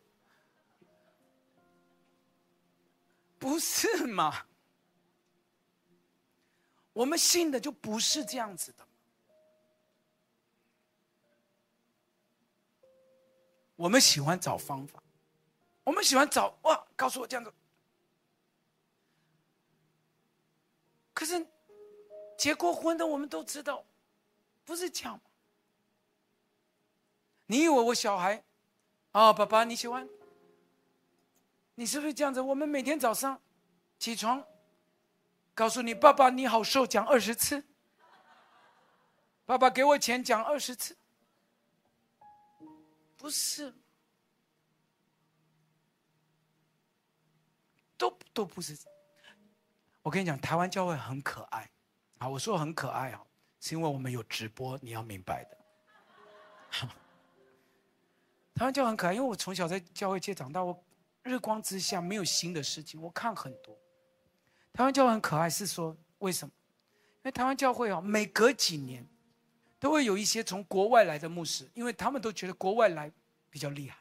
不是嗎？我們信的就不是這樣子的。我們喜歡找方法，我們喜歡找，哇，告訴我這樣子。可是，結過婚的我們都知道，不是這樣嗎？你以為我小孩啊、哦，爸爸你喜歡？你是不是這樣子？我們每天早上起床，告訴你爸爸你好瘦，講二十次。爸爸給我錢，講二十次，不是，都都不是。我跟你講，台灣教會很可愛，啊，我說很可愛啊，是因為我們有直播，你要明白的。好，台灣教會很可愛，因為我從小在教會界長大，我日光之下沒有新的事情，我看很多。台灣教會很可愛，是說，為什麼？因為台灣教會哦，啊，每隔幾年都會有一些從國外來的牧師，因為他們都覺得國外來比較厲害。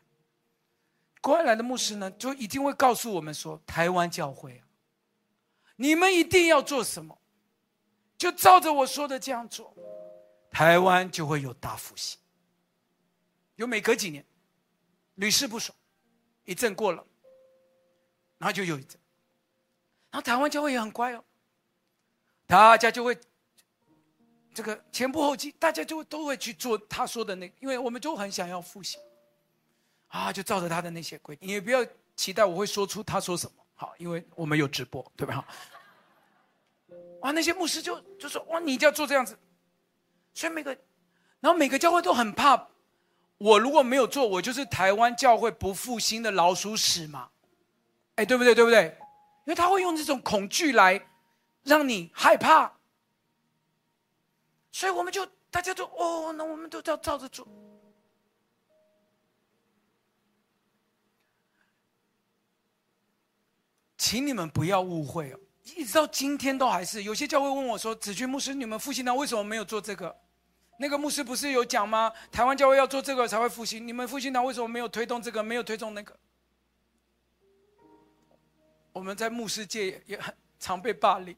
國外來的牧師呢，就一定會告訴我們說，台灣教會啊，你們一定要做什麼，就照着我說的這樣做，台灣就會有大復興。有每隔幾年，屢試不爽，一陣過了，然後就有一陣，然後台灣教會也很乖哦，大家就會這個前仆後繼，大家就會都會去做他說的那個，因為我們都很想要復興，啊，就照着他的那些規定，你也不要期待我會說出他說什麼。好，因為我們有直播，對吧？哈，哇，那些牧師就就說，哇，你一定要做這樣子，所以每個，然後每個教會都很怕，我如果沒有做，我就是台灣教會不復興的老鼠屎嘛，哎，對不對？對不對？因為他會用這種恐懼來讓你害怕，所以我們就大家都哦，那我們都要照着做。請你們不要誤會哦，一直到今天都還是有些教會問我說：“子駿牧師，你們復興堂為什麼沒有做這個？”那個牧師不是有講嗎？台灣教會要做這個才會復興，你們復興堂為什麼沒有推動這個？沒有推動那個？我們在牧師界也很常被霸凌。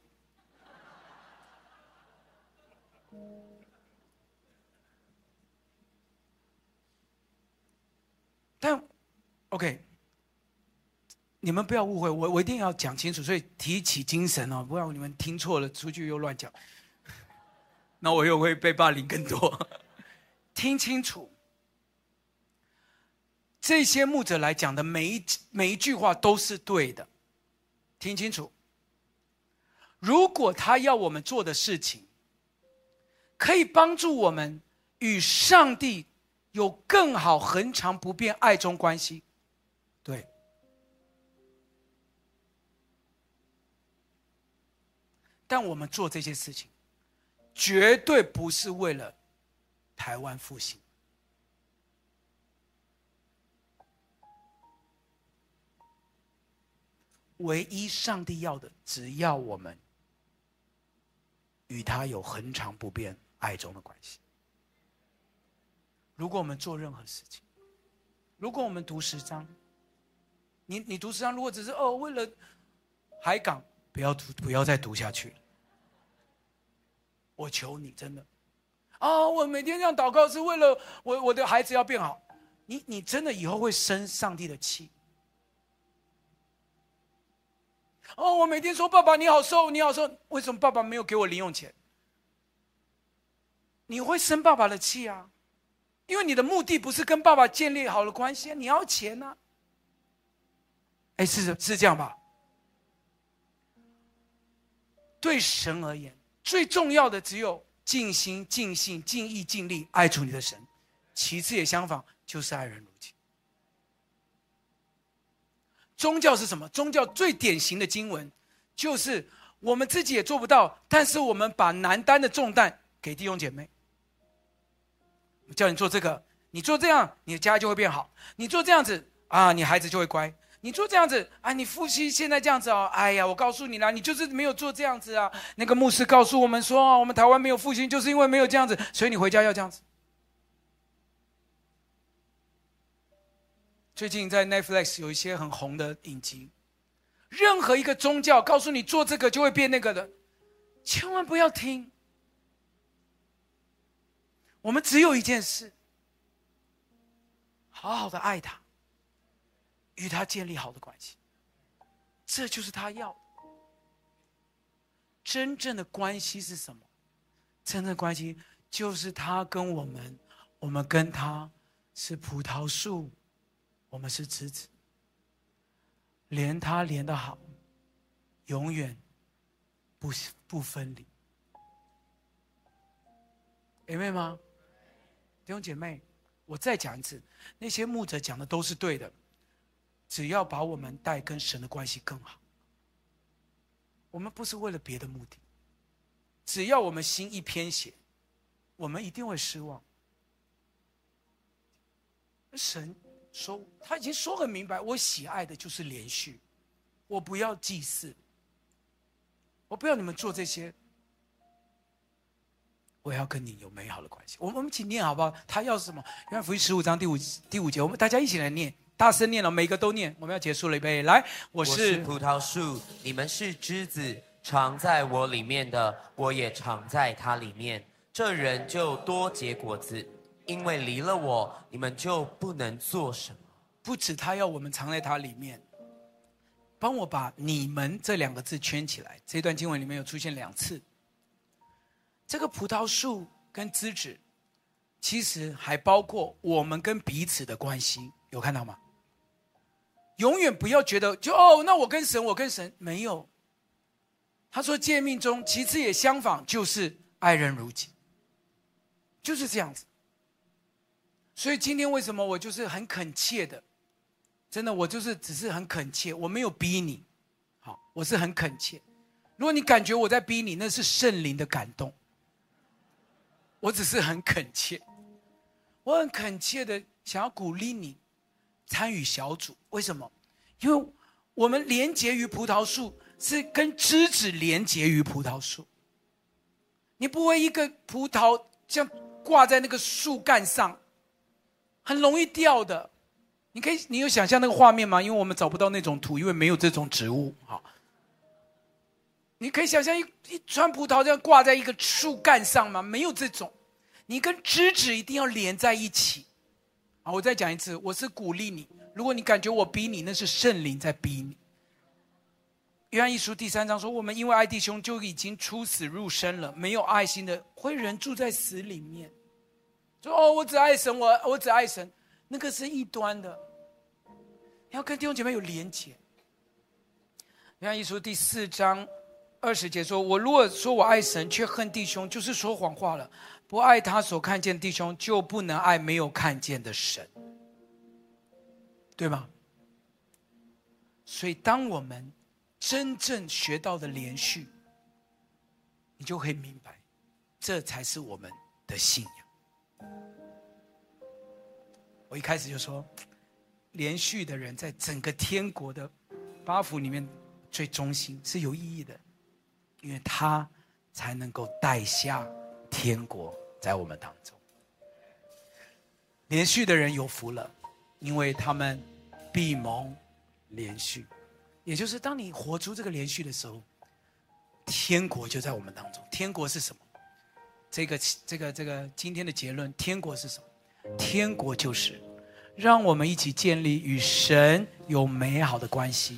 但，OK。你們不要誤會我，我一定要講清楚，所以提起精神哦，不要你們聽錯了，出去又亂講， 那我又會被霸凌更多。 聽清楚，這些牧者來講的每一每一句話都是對的，聽清楚。如果他要我們做的事情，可以幫助我們與上帝有更好恆常不變愛中關係。但我們做這些事情，絕對不是為了台灣復興。唯一上帝要的，只要我們與他有恆長不變愛中的關係。如果我們做任何事情，如果我們讀十章，你你讀十章，如果只是哦，為了海港。不要讀，不要再讀下去了。我求你，真的、哦，啊，我每天這樣禱告是為了我我的孩子要變好你，你你真的以後會生上帝的氣。哦，我每天說爸爸你好瘦你好瘦，為什麼爸爸沒有給我零用錢？你會生爸爸的氣啊？因為你的目的不是跟爸爸建立好的關係啊，你要錢啊。哎，是是這樣吧？對神而言，最重要的只有盡心、盡性、盡意、盡力愛主你的神，其次也相仿，就是愛人如己。宗教是什麼？宗教最典型的經文，就是我們自己也做不到，但是我們把難擔的重擔給弟兄姐妹，我叫你做這個，你做這樣，你的家就會變好；你做這樣子啊，你孩子就會乖。你做這樣子啊？你父親現在這樣子哦？哎呀，我告訴你啦，你就是沒有做這樣子啊。那個牧師告訴我們說，我們台灣沒有復興，就是因為沒有這樣子，所以你回家要這樣子。最近在 Netflix 有一些很紅的影集，任何一個宗教告訴你做這個就會變那個的，千萬不要聽。我們只有一件事，好好的愛他。與他建立好的關係，這就是他要的。真正的關係是什麼？真正的關係就是他跟我們，我們跟他是葡萄樹，我們是枝子，連他連得好，永遠不不分離。姐、哎、妹嗎？弟兄姐妹，我再講一次，那些牧者講的都是對的。只要把我們帶跟神的關係更好，我們不是為了別的目的。只要我們心一偏斜，我們一定會失望。神說他已經說很明白，我喜愛的就是憐恤，我不要祭祀，我不要你們做這些，我要跟你有美好的關係。我我們一起念好不好？他要是什麼？原來福音十五章第五第五節，我們大家一起來念。大聲念了，每一個都念，我們要結束了，預備來。我是，我是葡萄樹，你們是枝子，藏在我裡面的，我也藏在它裡面。這人就多結果子，因為離了我，你們就不能做什麼。不止他要我們藏在它裡面，幫我把“你們”這兩個字圈起來。這段經文裡面有出現兩次，這個葡萄樹跟枝子，其實還包括我們跟彼此的關係，有看到嗎？永遠不要覺得就哦，那我跟神，我跟神沒有。他說：“誡命中，其次也相仿，就是愛人如己，就是這樣子。”所以今天為什麼我就是很懇切的，真的，我就是只是很懇切，我沒有逼你，好，我是很懇切。如果你感覺我在逼你，那是聖靈的感動。我只是很懇切，我很懇切的想要鼓勵你。參與小組為什麼？因為我們連結於葡萄樹，是跟枝子連結於葡萄樹。你不會一個葡萄這樣掛在那個樹幹上，很容易掉的。你可以，你有想象那個畫面嗎？因為我們找不到那種圖，因為沒有這種植物。好，你可以想象一一串葡萄這樣掛在一個樹幹上嗎？沒有這種，你跟枝子一定要連在一起。我再講一次，我是鼓勵你。如果你感覺我逼你，那是聖靈在逼你。約翰一書第三章說：“我們因為愛弟兄，就已經出死入生了。沒有愛心的，會人住在死裡面。”說：“哦，我只愛神，我我只愛神。”那個是異端的。你要跟弟兄姐妹有連接。約翰一書第四章二十節說：“我如果說我愛神，卻恨弟兄，就是說謊話了。”不愛他所看見的弟兄，就不能愛沒有看見的神，對嗎？所以，當我們真正學到了憐恤，你就會明白，這才是我們的信仰。我一開始就說，憐恤的人在整個天國的八福裡面最中心是有意義的，因為他才能夠帶下。天國在我們當中，憐恤的人有福了，因為他們必蒙憐恤，也就是當你活出這個憐恤的時候，天國就在我們當中。天國是什麼？這個這個這個今天的結論，天國是什麼？天國就是讓我們一起建立與神有美好的關係，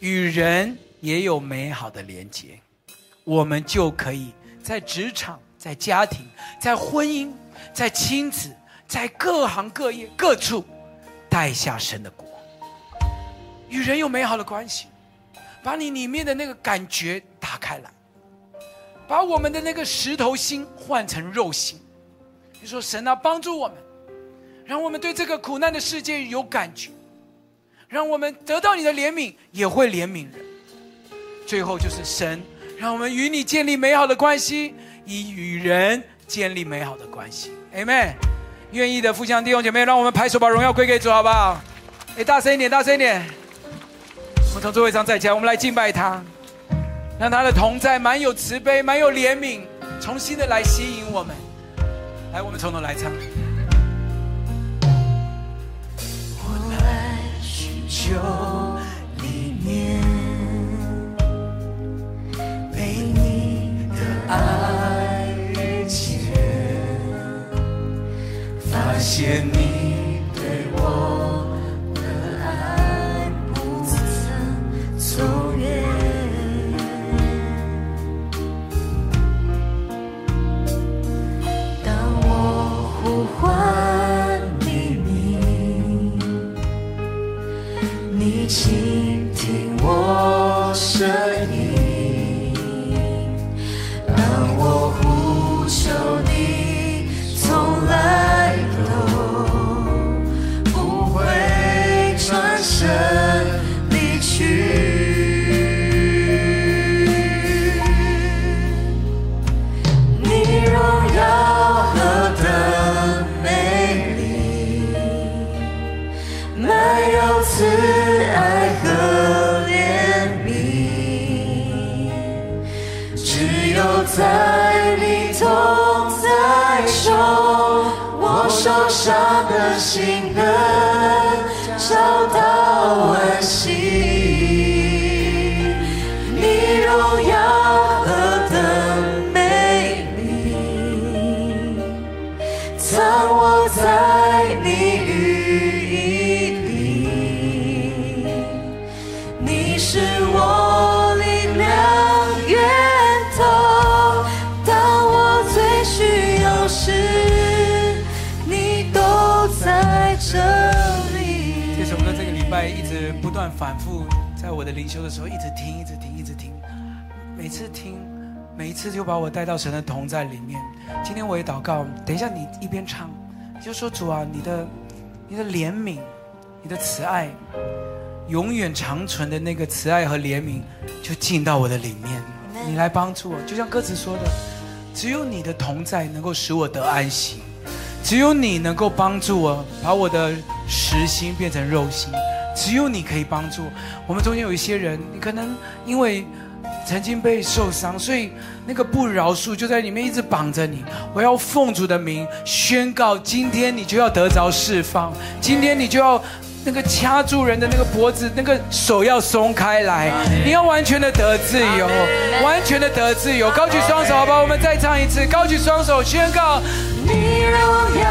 與人也有美好的連結，我們就可以在職場。在家庭，在婚姻，在親子，在各行各業各處，帶下神的國，與人有美好的關係，把你裡面的那個感覺打開來，把我們的那個石頭心換成肉心。你說神啊，幫助我們，讓我們對這個苦難的世界有感覺，讓我們得到你的憐憫，也會憐憫人。最後就是神，讓我們與你建立美好的關係。以與人建立美好的關係，Amen。願意的互相弟兄姐妹，讓我們拍手把榮耀歸給主，好不好？哎，大聲一點，大聲一點。我們從座位上站起來，我們來敬拜他，讓他的同在滿有慈悲，滿有憐憫，重新的來吸引我們。來，我們從頭來唱。我來許久，裡面為你的愛。發現你對我的愛不曾走遠。當我呼喚你的名，你傾聽我聲音。找的新的找到晚星。祢榮耀何等美麗，藏我在你。我的靈修的時候，一直聽，一直聽，一直聽。每次聽，每一次就把我帶到神的同在裡面。今天我也禱告，等一下你一邊唱，就說主啊，你的你的憐憫，你的慈愛，永遠長存的那個慈愛和憐憫，就進到我的裡面，你來幫助我。就像歌詞說的，只有你的同在能夠使我得安心，只有你能夠幫助我，把我的石心變成肉心。只有你可以幫助我們中間有一些人，你可能因為曾經被受傷，所以那個不饒恕就在裡面一直綁着你。我要奉主的名宣告，今天你就要得着釋放，今天你就要那個掐住人的那個脖子，那個手要鬆開來，你要完全的得自由，完全的得自由。高舉雙手，好吧，我們再唱一次。高舉雙手，宣告。你如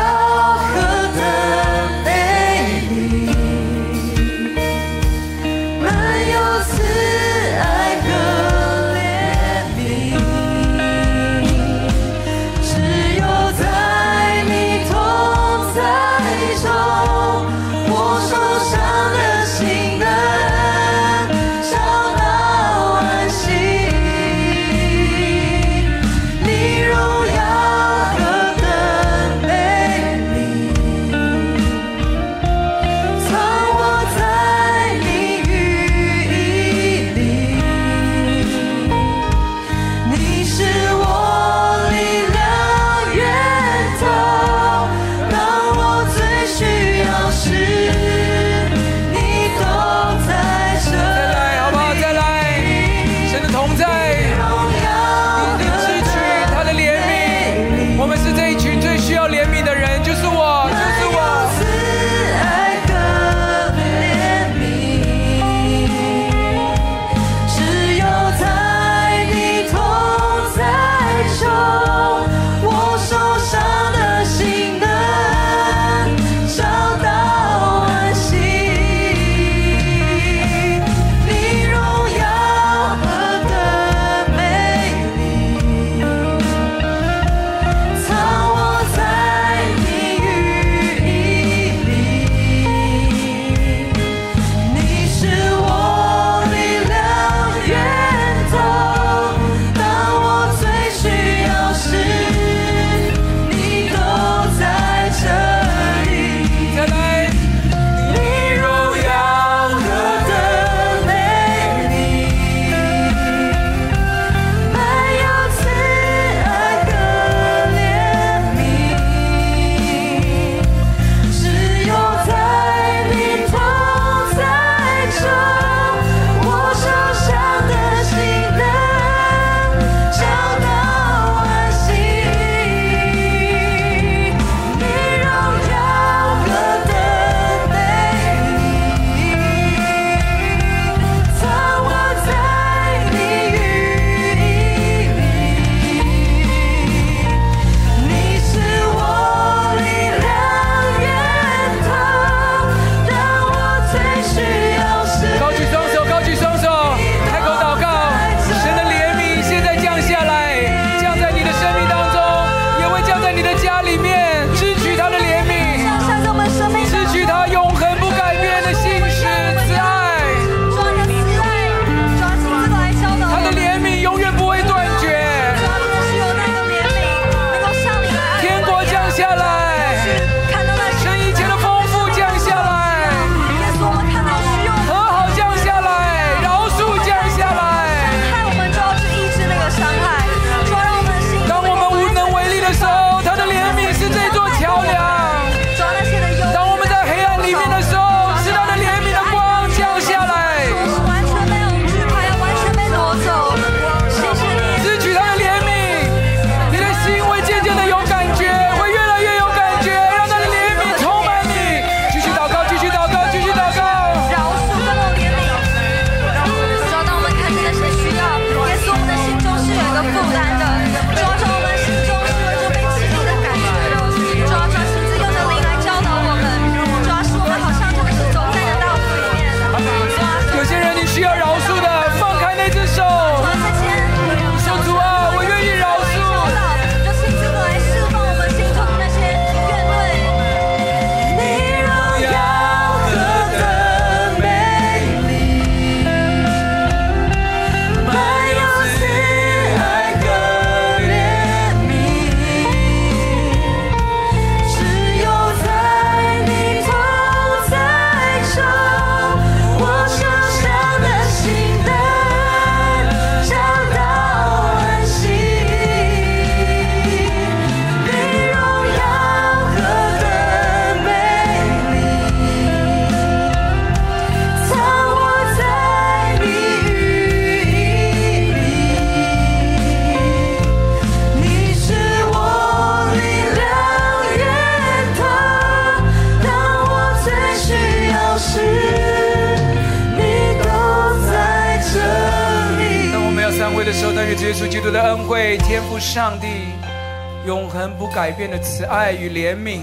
改變的慈愛與憐憫，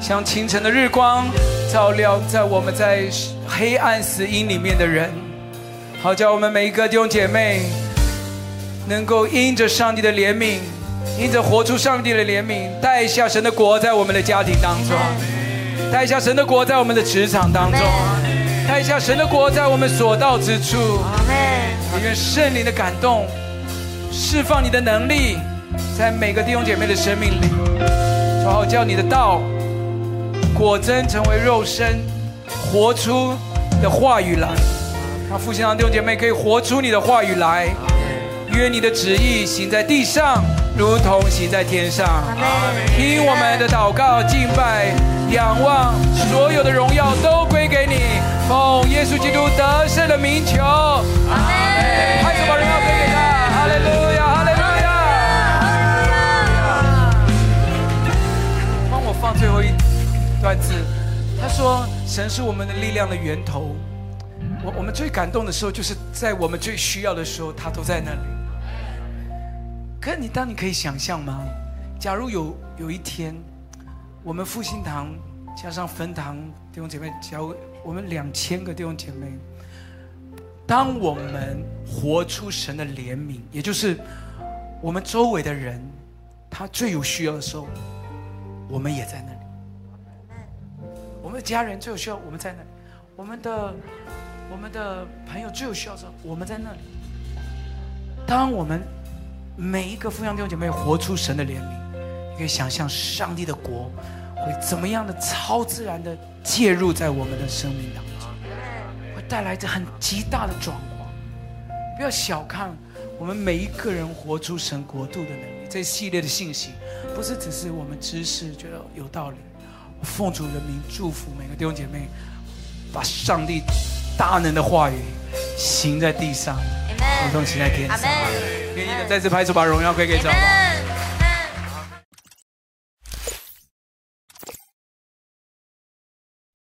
像清晨的日光，照亮在我們在黑暗死蔭裡面的人。好，叫我們每一個弟兄姐妹，能夠因着上帝的憐憫，因着活出上帝的憐憫，帶下神的國在我們的家庭當中，帶下神的國在我們的職場當中，帶下神的國在我們所到之處。你願聖靈的感動，釋放你的能力。在每個弟兄姐妹的生命裡，然後叫你的道果真成為肉身，活出的話語來。他復興堂弟兄姐妹可以活出你的話語來，願你的旨意行在地上，如同行在天上。聽我們的禱告、敬拜、仰望，所有的榮耀都歸給你。奉耶穌基督得勝的名求。看什麼人？最後一段子，他說：“神是我們的力量的源頭。”我我我們最感動的時候，就是在我們最需要的時候，他都在那裡。可你當你可以想象嗎？假如有有一天，我們復興堂加上分堂弟兄姐妹，加我們兩千個弟兄姐妹，當我們活出神的憐憫，也就是我們周圍的人，他最有需要的時候。我們也在那裡，我們的家人最有需要，我們在那裡；我們的我們的朋友最有需要，我們在那裡。當我們每一個夫妻弟兄姐妹活出神的憐憫，你可以想象，上帝的國會怎麼樣的超自然的介入在我們的生命當中，會帶來這很極大的轉換。不要小看我們每一個人活出神國度的能力，這一系列的信息。不是，只是我們知識覺得有道理。我奉主的名祝福每個弟兄姐妹，把上帝大能的話語行在地上，通行在天上。願意的再次拍手，把榮耀歸給耶和華。